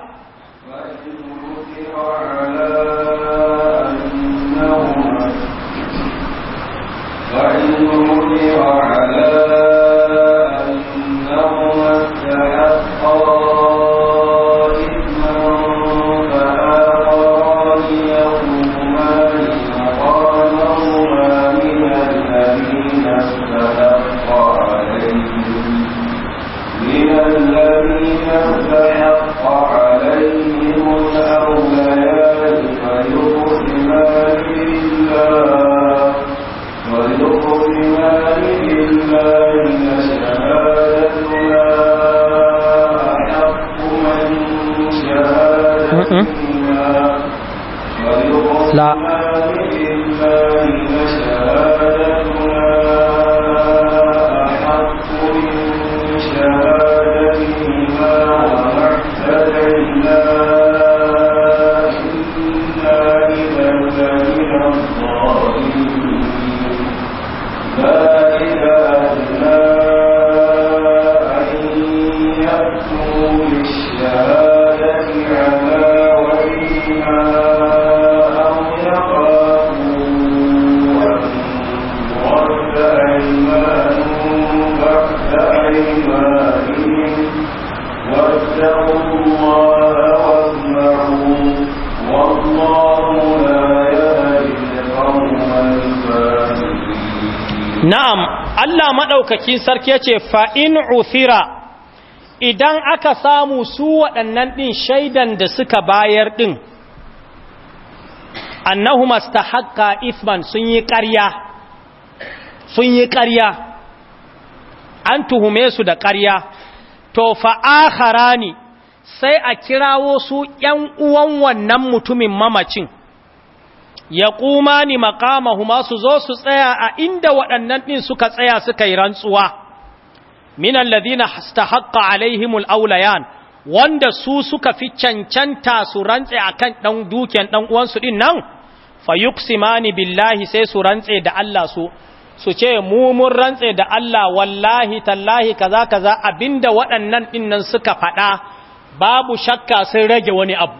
la na'am Allah maɗaukakin sarki ce fa'in uthira idan aka samu su waɗannan ɗin shaidan da suka bayar ɗin annahu masta haƙa ifman sun yi ƙarya sun yi ƙarya an tuhume su da ƙarya to fa'ahara ni sai a kirawo su ‘yan uwan wannan mutumin mamacin’ ya kuma ni makamahuma su zo su tsaya a inda waɗannan ɗin suka tsaya suka yi rantsuwa minan ladina haƙa alaihimul aulayan wanda su suka fi cancanta su rantse a kan ɗan dukiyan ɗan uwansu ɗin nan fayuqsimani billahi sai su rantse da Allah su su ce mu mun rantse da Allah wallahi tallahi kaza kaza abinda waɗannan ɗin nan suka faɗa babu shakka sun rage wani abu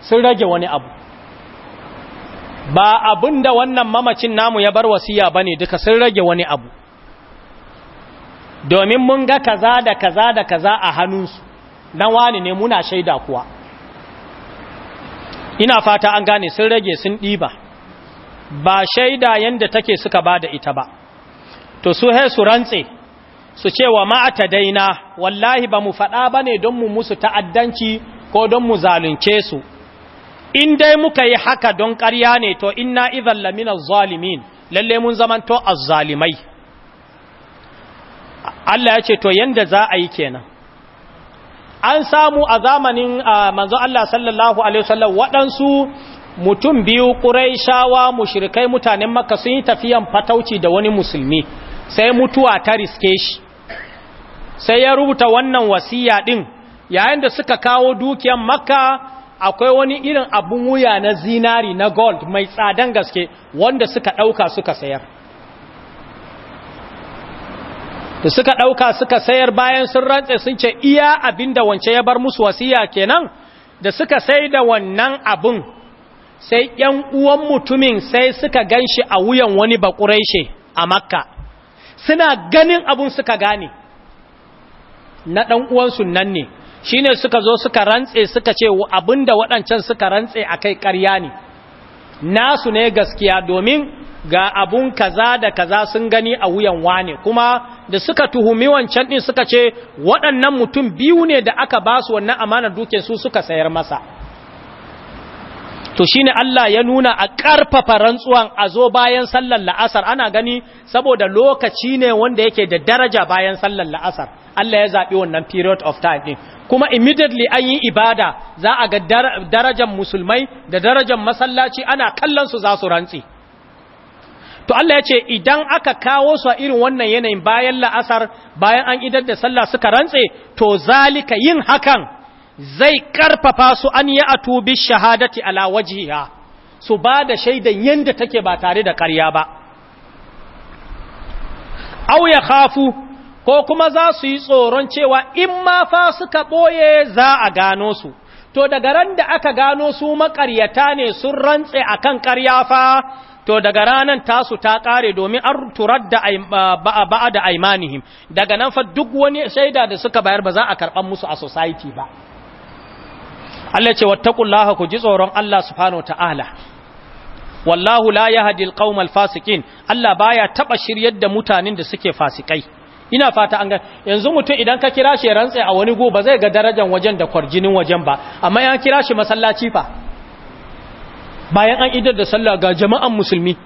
sun rage wani abu ba abin da wannan mamacin namu ya bar wasiya bane duka sun rage wani abu domin mun ga kaza da kaza da kaza a hannunsu dan wani ne muna shaida kuwa ina fata an gane sun rage sun ɗiba ba shaida yadda take suka ba da ita ba to su he su rantse su ce wa ma'ata daina wallahi ba mu faɗa bane don mu musu ta'addanci ko don mu zalunce su in dai muka yi haka don ƙarya ne to inna izan lamina zalimin lalle mun a azzalimai Allah ya ce to yanda za a yi kenan an samu a zamanin manzo Allah sallallahu alaihi wasallam waɗansu mutum biyu ƙuraishawa mushrikai mutanen makka sun yi tafiyan fatauci da wani musulmi sai mutuwa ta riske shi sai ya rubuta wannan wasiya din yayin da suka kawo dukiyan makka akwai wani irin abun wuya na zinari na gold mai tsadan gaske wanda suka ɗauka suka sayar da suka ɗauka suka sayar bayan sun rantse sun ce iya abin da wance ya bar musu wasiya kenan da suka sai da wannan abun sai ‘yan uwan mutumin sai suka ganshi a wuyan wani baƙureshe a makka suna ganin abun suka gane na ɗan uwansu nan ne shine suka zo suka rantse suka ce abinda waɗancan suka rantse a kai ƙarya ne nasu ne gaskiya domin ga abun kaza da kaza sun gani a wuyan wane kuma da suka tuhumi wancan ɗin suka ce waɗannan mutum biyu ne da aka ba su wannan amanar duke su suka sayar masa to shine Allah ya nuna a ƙarfafa rantsuwan a zo bayan sallar la'asar ana gani saboda lokaci ne wanda yake da daraja bayan sallar la'asar Allah ya zaɓi wannan period of time ɗin kuma immediately an yi ibada za a ga darajar musulmai da darajar masallaci ana kallon su za su rantsi to Allah ya ce idan aka kawo su a irin wannan yanayin bayan la'asar bayan an idar da sallah suka rantse to zalika yin hakan zai karfafa su an yi atu bi shahadati ala wajhiha su ba da shaidan yanda take ba tare da ƙarya ba aw ya khafu ko kuma za su yi tsoron cewa in ma fa suka ɓoye za a gano su to daga ran da aka gano su maƙaryata ne sun rantse a kan ƙarya fa to daga ranan tasu ta ƙare domin an turar da ba'a da aimanihim daga nan fa duk wani shaida da suka bayar ba za a karɓan musu a society ba Allah ce wattaqullaha ku ji tsoron Allah subhanahu ta'ala wallahu la yahdi alqaumal fasikin Allah baya taba shiryar da mutanen da suke fasikai ina fata an gan yanzu mutum idan ka kira shi rantsa a wani gobe ba zai ga darajar wajen da kwarjinin wajen ba amma ya kira shi masallaci fa bayan an idar da sallah ga jama'an musulmi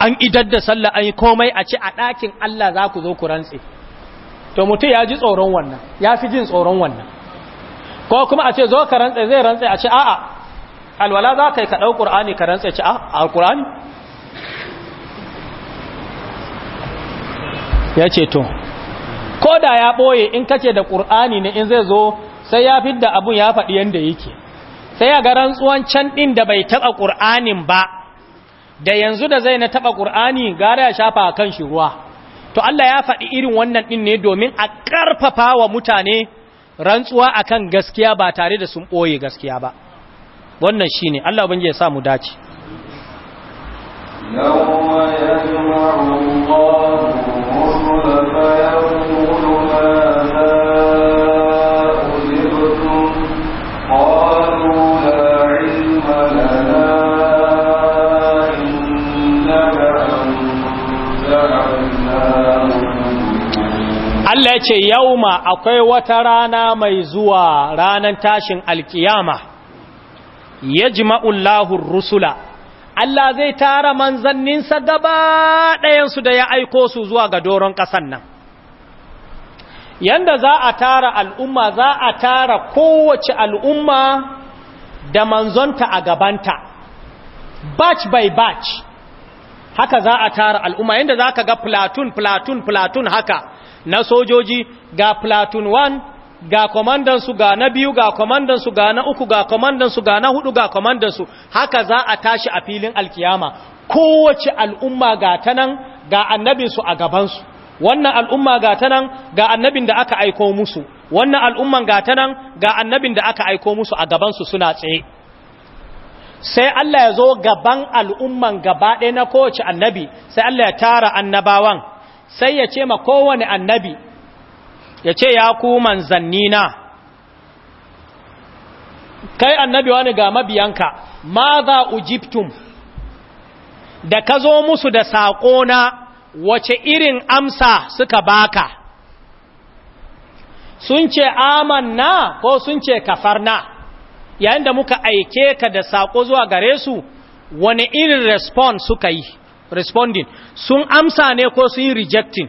an idar da sallah an yi komai a ci a ɗakin Allah za ku zo ku rantsi to mutum ya ji tsoron wannan ya fi jin tsoron wannan ko kuma a ce zo ka rantsai zai rantsai a ce a'a alwala za ka yi ka ɗau ƙur'ani ka rantsai ci a ƙur'ani ya ce to ko da ya ɓoye in kace da ƙur'ani ne in zai zo sai ya fidda abun ya faɗi yadda yake sai ya ga rantsuwan can ɗin da bai taɓa ƙur'anin ba da yanzu da zai na taɓa ƙur'ani gara ya shafa a kan shi ruwa to Allah ya faɗi irin wannan ɗin ne domin a ƙarfafa wa mutane rantsuwa a kan gaskiya ba tare da sun ɓoye gaskiya ba wannan shi ne Allah ubangiji ya sa mu dace yawon ce yauma akwai wata rana mai zuwa ranan tashin alkiyama ya ma'ullahu'n rusula Allah zai tara manzanninsa gaba su da ya aiko su zuwa ga doron ƙasan nan yanda za a tara al'umma za a tara kowace al'umma da manzonta a gabanta batch by batch haka za a tara al'umma yanda za ka ga platoon platoon platoon haka na sojoji ga platoon 1 ga kwamandansu ga na biyu ga kwamandansu ga na uku ga kwamandansu ga na hudu ga kwamandansu haka za a tashi a filin alkiyama kowace al'umma ga ta nan ga annabinsu a gabansu wannan al'umma ga ta nan ga annabin da aka aiko musu wannan al'umman ga ta nan ga annabin da aka aiko musu a gabansu suna tsaye sai Allah ya zo gaban al'umman gaba ɗaya na kowace annabi sai Allah ya tara annabawan sai ya ce ma kowane annabi ya ce ya ku manzannina kai annabi wani ga mabiyanka ma za ujiptum da ka zo musu da saƙona wace irin amsa suka baka sun ce amanna ko sun ce kafarna yayin da muka aike ka da saƙo zuwa gare su wani irin response suka yi responding sun amsa ne ko sun yi rejecting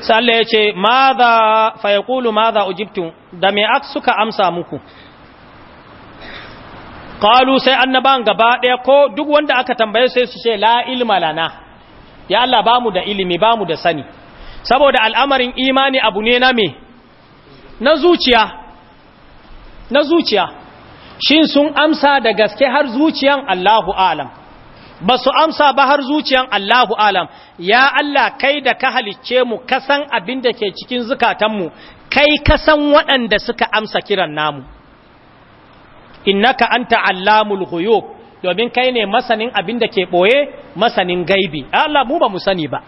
sallah ya ce maza fayakulu maza ujibtun da mai ak suka amsa muku Kalu sai annaban gaba ɗaya ko duk wanda aka tambaye sai su ce la ilma lana ya Allah ba mu da ilimi ba mu da sani saboda al'amarin imani abu ne na me na zuciya na zuciya shin sun amsa da gaske har zuciyan Allahu alam ba su amsa ba har zuciyan Allahu alam ya Allah kai da ka halicce mu kasan abin da ke cikin zukatanmu kai kasan waɗanda suka amsa kiran namu innaka anta allamul ghuyub domin kai ne masanin abin da ke boye masanin gaibi Allah mu ba mu sani ba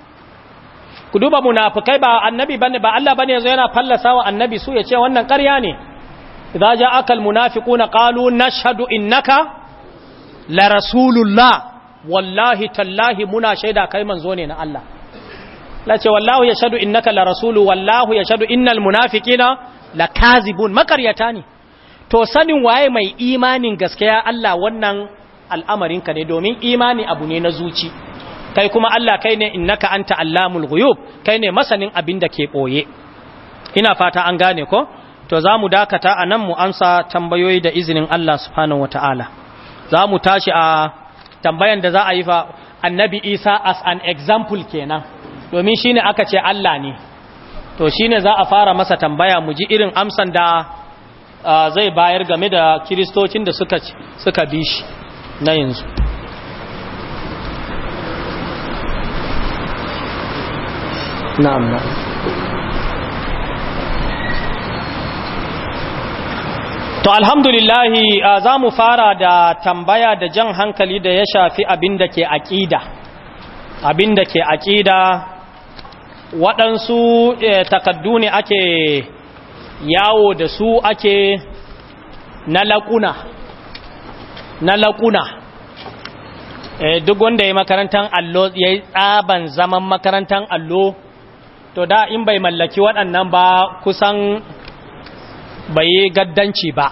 ku duba munafikai ba annabi bane ba Allah bane yanzu yana fallasa wa annabi su ya ce wannan ƙarya ne idza ja'aka almunafiquna qalu nashhadu innaka la rasulullah wallahi tallahi muna shaida kai manzo ne na Allah la ce wallahu yashhadu innaka la rasulu wallahu yashhadu innal munafiqina lakazibun makaryata ne to sanin waye mai imanin gaskiya Allah wannan al'amarin ka ne domin imani abu ne na zuci kai kuma Allah kai ne innaka anta allamul ghuyub kai ne masanin abin da ke boye ina fata an gane ko to za mu dakata a nan mu amsa tambayoyi da izinin Allah subhanahu wa za mu tashi a tambayan da za a yi fa annabi isa as an example kenan domin shine aka ce Allah ne to shine za a fara masa tambaya mu ji irin amsan da zai bayar game da kiristocin da suka suka bi shi na yanzu na'am na'am to alhamdulillahi za mu fara da tambaya da jan hankali da ya shafi abin da ke aƙida abin da ke aƙida waɗansu e, takaddu ne ake yawo da su ake na laƙuna na laƙuna e, duk wanda ya makarantar allo ya tsaban zaman makarantar allo to da in bai mallaki waɗannan ba kusan bai yi gaddanci ba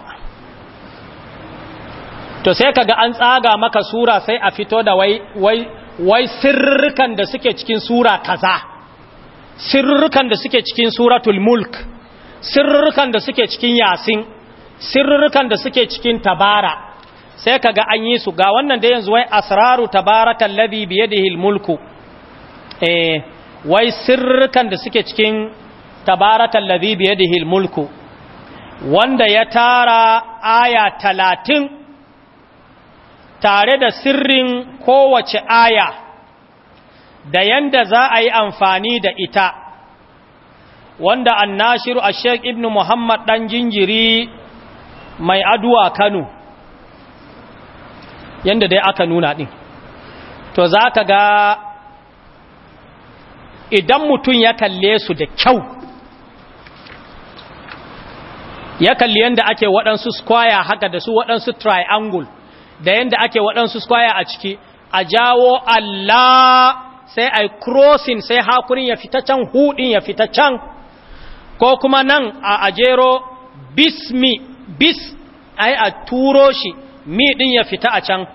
to sai kaga an tsaga maka sura sai a fito da wai wai wai sirrukan da suke cikin sura kaza sirrukan da suke cikin suratul mulk sirrukan da suke cikin yasin sirrukan da suke cikin tabara sai kaga an yi su ga wannan da yanzu wai asraru tabarakal ladhi bi yadihi al eh wai sirrukan da suke cikin tabarakal ladhi bi yadihi al wanda ya tara aya talatin tare da sirrin kowace aya da yanda za a yi amfani da ita wanda annashiru a sheik ibn muhammad ɗan jinjiri mai aduwa kano yanda dai aka nuna ɗin to za ka ga idan mutum ya kalle su da kyau ya kalli yadda ake waɗansu square haka da su waɗansu triangle da yadda ake waɗansu square a ciki a jawo Allah sai a crossing sai hakurin ya fita can hudin ya fita can ko kuma nan a ajero bismi bis ai a turo shi mi din ya fita a can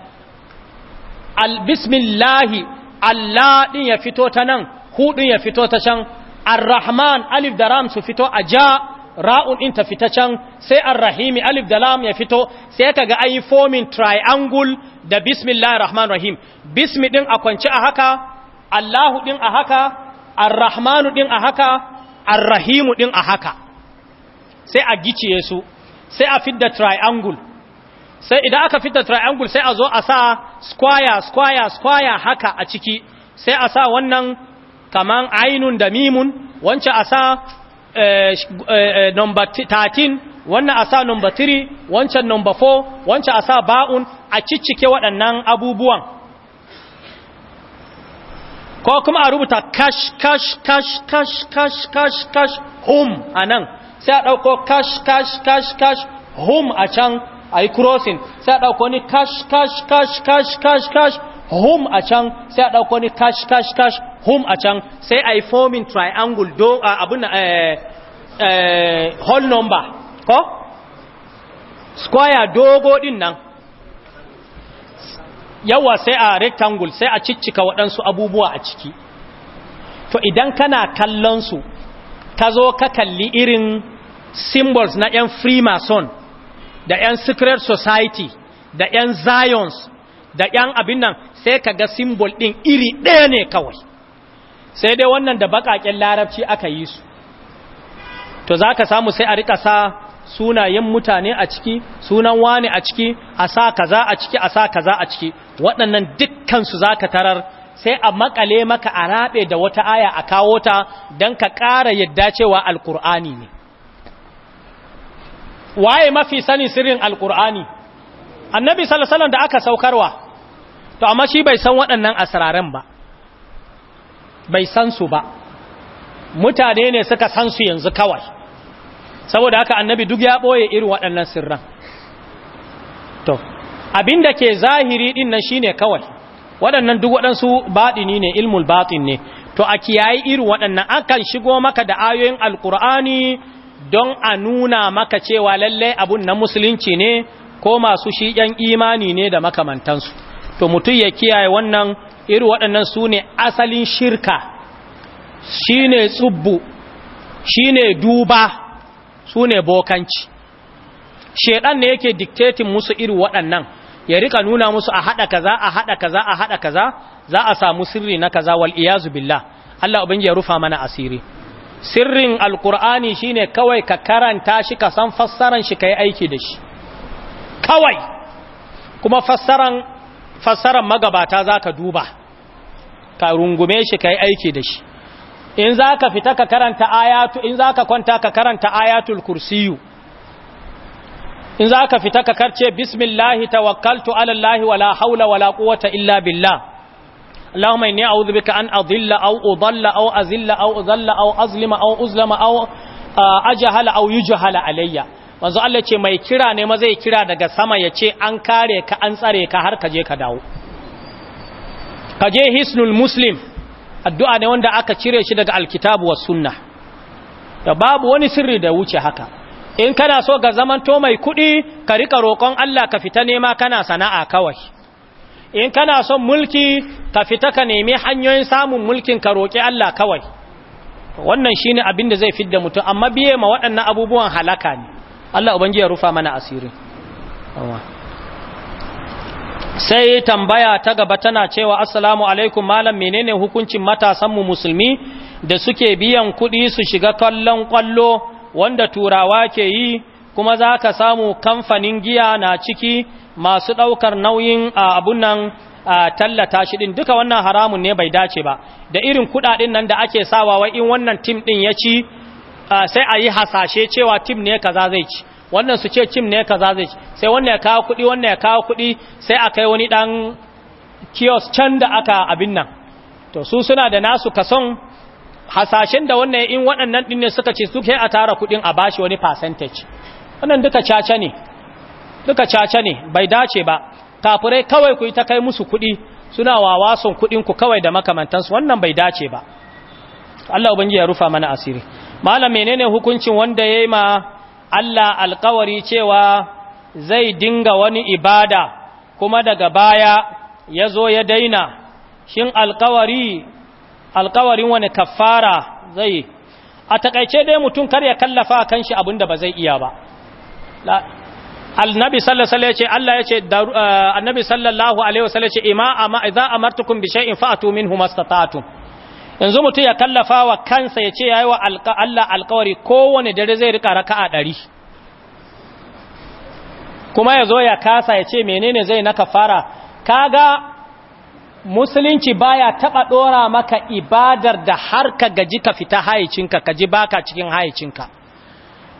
al bismillahi Allah din ya fito ta nan hudin ya fito ta can arrahman alif da ram su fito a ja ra'un in ta fita can sai ar-rahimi alif da lam ya fito sai ka ga ayi forming triangle da bismillahir rahmanir rahim bismi din a kwance a haka allahu din a haka ar-rahmanu din a haka ar-rahimu din a haka sai a giciye su sai a fidda triangle sai idan aka fita triangle sai a zo a sa square square square haka a ciki sai a sa wannan kaman ainun da mimun wancan a sa number 13 wannan a sa number 3 wancan number 4 wancan a sa ba'un a ciccike waɗannan abubuwan ko kuma a rubuta kash kash kash kash kash kash kash hum a nan sai a ɗauko kash kash kash kash hum a can a yi crossing sai a ɗauko ni kash kash kash kash kash kash hum a can sai a ɗauko ni kash kash kash hum a can sai a yi forming triangle do abin whole eh, eh, number ko square dogo din nan yawa sai a rectangle sai a ciccika waɗansu abubuwa a ciki to idan kana kallon su ka zo ka kalli irin symbols na 'yan freemason da 'yan secret society da 'yan zions da 'yan abin nan sai ka ga simbol ɗin iri ɗaya ne kawai sai dai wannan da baƙaƙen larabci aka yi su to za ka samu sai a riƙa sa sunayen mutane a ciki sunan wani a ciki a sa kaza a ciki a sa kaza a ciki waɗannan dukkansu za ka tarar sai a makale maka a raɓe da wata aya a kawo ta don ka ƙara yadda cewa alƙur'ani ne waye mafi sanin sirrin alƙur'ani annabi salasalan da aka saukarwa to amma shi bai san waɗannan asiraren ba bai san su ba mutane ne suka san su yanzu kawai saboda haka annabi duk ya ɓoye irin waɗannan sirran to abinda ke zahiri ɗin nan shine kawai waɗannan duk waɗansu baɗini ne ilmul baɗin ne to a kiyayi irin waɗannan akan shigo maka da ayoyin alkur'ani don a nuna maka cewa lallai abun na musulunci ne ko masu shi imani ne da makamantansu to mutum ya kiyaye wannan iri waɗannan su ne asalin shirka shi ne tsubbu shi ne duba su ne bokanci shaidan ne yake diktatin musu iri waɗannan ya rika nuna musu a haɗa kaza a haɗa kaza a haɗa kaza za a samu sirri na kaza wal iyazu billah Allah ubangiji ya rufa mana asiri sirrin alkur'ani shine kawai ka karanta shi ka san fassaran shi kai aiki da shi kawai kuma fassaran fassarar magabata za ka duba ka rungume shi ka yi aiki da shi in za ka fita ka karanta ayatu in za ka kwanta ka karanta ayatul kursiyu in za ka fita ka karce bismillahi tawakkaltu alallahi wala haula wala quwwata illa billah اللهم إني أعوذ بك أن أضل أو أضل أو أو أو أظلم أو أظلم أو أجهل أو يجهل علي Wanzu Allah ce mai kira ne ma zai kira daga sama ya ce an kare ka an tsare ka har ka je ka dawo ka je hisnul muslim addu'a ne wanda aka cire shi daga alkitabu wa sunna da babu wani sirri da wuce haka in kana so ga zamanto mai kuɗi ka rika roƙon Allah ka fita nema kana sana'a kawai in kana son mulki ka fita ka nemi hanyoyin samun mulkin ka roƙi Allah kawai wannan shine abin da zai fidda mutum amma biye ma waɗannan abubuwan halaka ne Allah ubangiji ya rufa mana asiri sai tambaya ta gaba tana cewa assalamu alaikum malam menene hukuncin matasanmu musulmi da suke biyan kuɗi su shiga kallon kwallo wanda turawa ke yi kuma za ka samu kamfanin giya na ciki masu ɗaukar nauyin abun nan a tallata shi din duka wannan haramun ne bai dace ba da irin kudaden nan da ake sawa wai in wannan tim ɗin ya ci Ah, sai a yi hasashe cewa tim ne kaza zai ci wannan su ce tim ne kaza zai ci sai wannan ya kawo kuɗi wannan ya kawo kuɗi sai a kai wani ɗan kiosk can da aka abin nan to su suna da nasu kason hasashen da wannan in waɗannan ɗin ne suka ce suke a tara kuɗin a bashi wani percentage wannan duka caca ne duka caca ne bai dace ba kafirai kawai ku yi ta kai musu kuɗi suna wawason ku kawai da makamantansu wannan bai dace ba Allah ubangiji ya rufa mana asiri malam menene hukuncin wanda ya yi ma Allah alkawari cewa zai dinga wani ibada kuma daga baya ya zo ya daina shin alkawari alkawarin wani kafara zai a takaice dai mutum kar ya kallafa kan shi abinda ba zai iya ba annabi sallallahu alaihi wasallam Allah yace eh, annabi sallallahu alaihi wasallam yace ima ama idza amartukum bi shay'in fa'atu minhu mastata'tum yanzu mutum ya tallafa wa kansa ya ce ya yi wa Allah alkawari kowane dare zai rika raka a ɗari kuma ya zo ya kasa ya ce menene zai na kafara kaga musulunci baya taɓa ɗora maka ibadar da har ka gaji ka fita hayicinka ka ji baka cikin hayicinka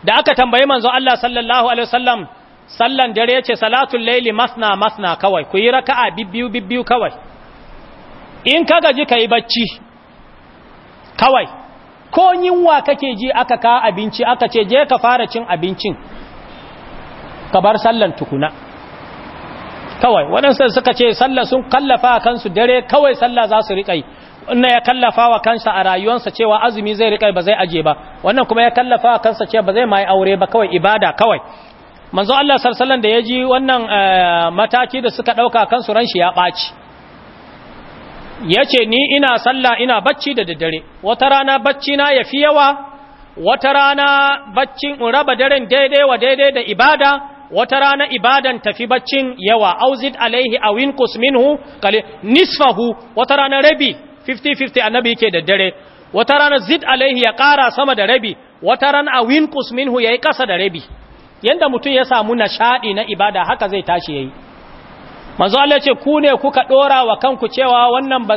da aka tambayi manzo Allah sallallahu alaihi wasallam sallan dare ya ce salatun laili masna masna kawai ku yi raka'a bibbiyu bibbiyu kawai in ka gaji ka yi bacci kawai ko yinwa kake ji aka ka abinci aka ce je ka fara cin abincin ka bar sallan tukuna kawai waɗansu suka ce sallah sun kallafa kansu dare kawai sallah za su riƙai wannan ya kallafa wa kansa a rayuwarsa cewa azumi zai riƙai ba zai aje ba wannan kuma ya kallafa wa kansa cewa ba zai mai aure ba kawai ibada kawai manzo Allah sallallahu da ya ji wannan eh, mataki da suka ɗauka kansu ran shi ya ɓaci ya ce ni ina sallah ina bacci da daddare wata rana bacci na ya fi yawa wata rana baccin in raba daren daidai wa daidai da ibada wata rana ibadan tafi baccin yawa auzid alaihi awin minhu kale nisfahu wata rana rabi 50-50 annabi yake da dare wata rana zid alaihi ya kara sama da rabi wata rana awin minhu ya yi da rabi yanda mutum ya samu nashaɗi na ibada haka zai tashi yayi. manzo Allah ce ku ne kuka dora wa kanku cewa wannan ba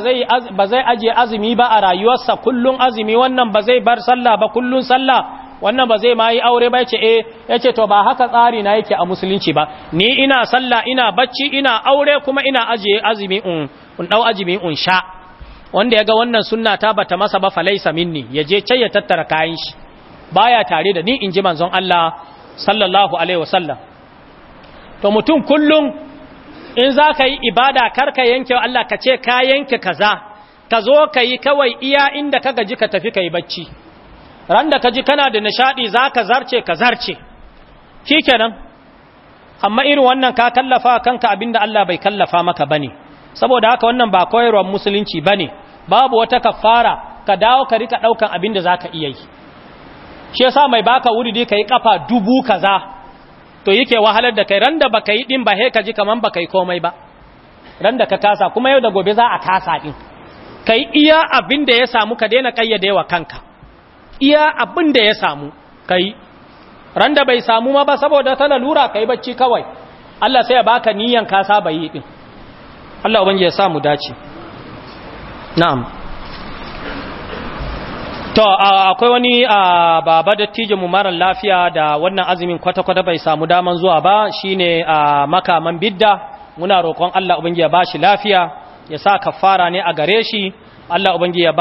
zai aje azumi ba a rayuwarsa kullun azumi wannan ba zai bar sallah ba kullun sallah wannan ba zai mai aure ba yace eh yace to ba haka tsari na yake a musulunci ba ni ina sallah ina bacci ina aure kuma ina aje azumi un un dau azumi un sha wanda yaga wannan sunna ta bata masa ba falaisa minni yaje ce ya tattara kayan shi baya tare da ni in ji manzon Allah sallallahu alaihi wasallam to mutum kullun in za ka yi ibada karka yanke Allah ka ce ka yanke kaza ka zo ka yi kawai iya inda ka gaji ka tafi ka yi bacci ran da ka ji kana da nishaɗi za ka zarce ka zarce shi kenan amma irin wannan ka kallafa kanka abinda Allah bai kallafa maka bane saboda haka wannan ba koyarwar musulunci bane babu wata kafara ka dawo ka rika daukan abinda zaka iya yi shi yasa mai baka wuri dai kai kafa dubu kaza to yake wahalar da kai ran da baka yi din ba he ka ji kaman baka yi komai ba ran da ka kasa kuma yau da gobe za a kasa din kai iya abin da ya samu ka daina kayyade wa kanka iya abin da ya samu kai ran da bai samu ma ba saboda ta lura kai bacci kawai Allah sai ya baka niyan kasa bai yi din Allah ubangiji ya samu dace na'am to akwai wani a baba dattijo mu mara lafiya da wannan azumin kwata-kwata bai samu daman zuwa ba shine makaman bidda muna roƙon Allah ubangi ya bashi lafiya ya sa kafara ne a gare shi Allah ubangi ya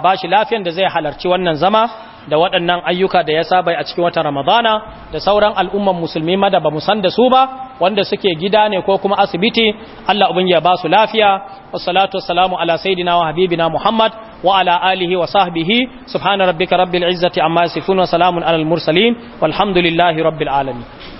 bashi lafiyan da zai halarci wannan zama da waɗannan ayyuka da ya saba a cikin watan ramadana da sauran al'umman musulmi mada ba san da su ba wanda suke gida ne ko kuma asibiti Allah ubin ya ba su lafiya wasalatu wasalamu ala sayidina wa habibina muhammad wa ala alihi wa sahbihi subhana rabbika rabbil izzati amma yasifun wa salamun alal mursalin walhamdulillahi rabbil alamin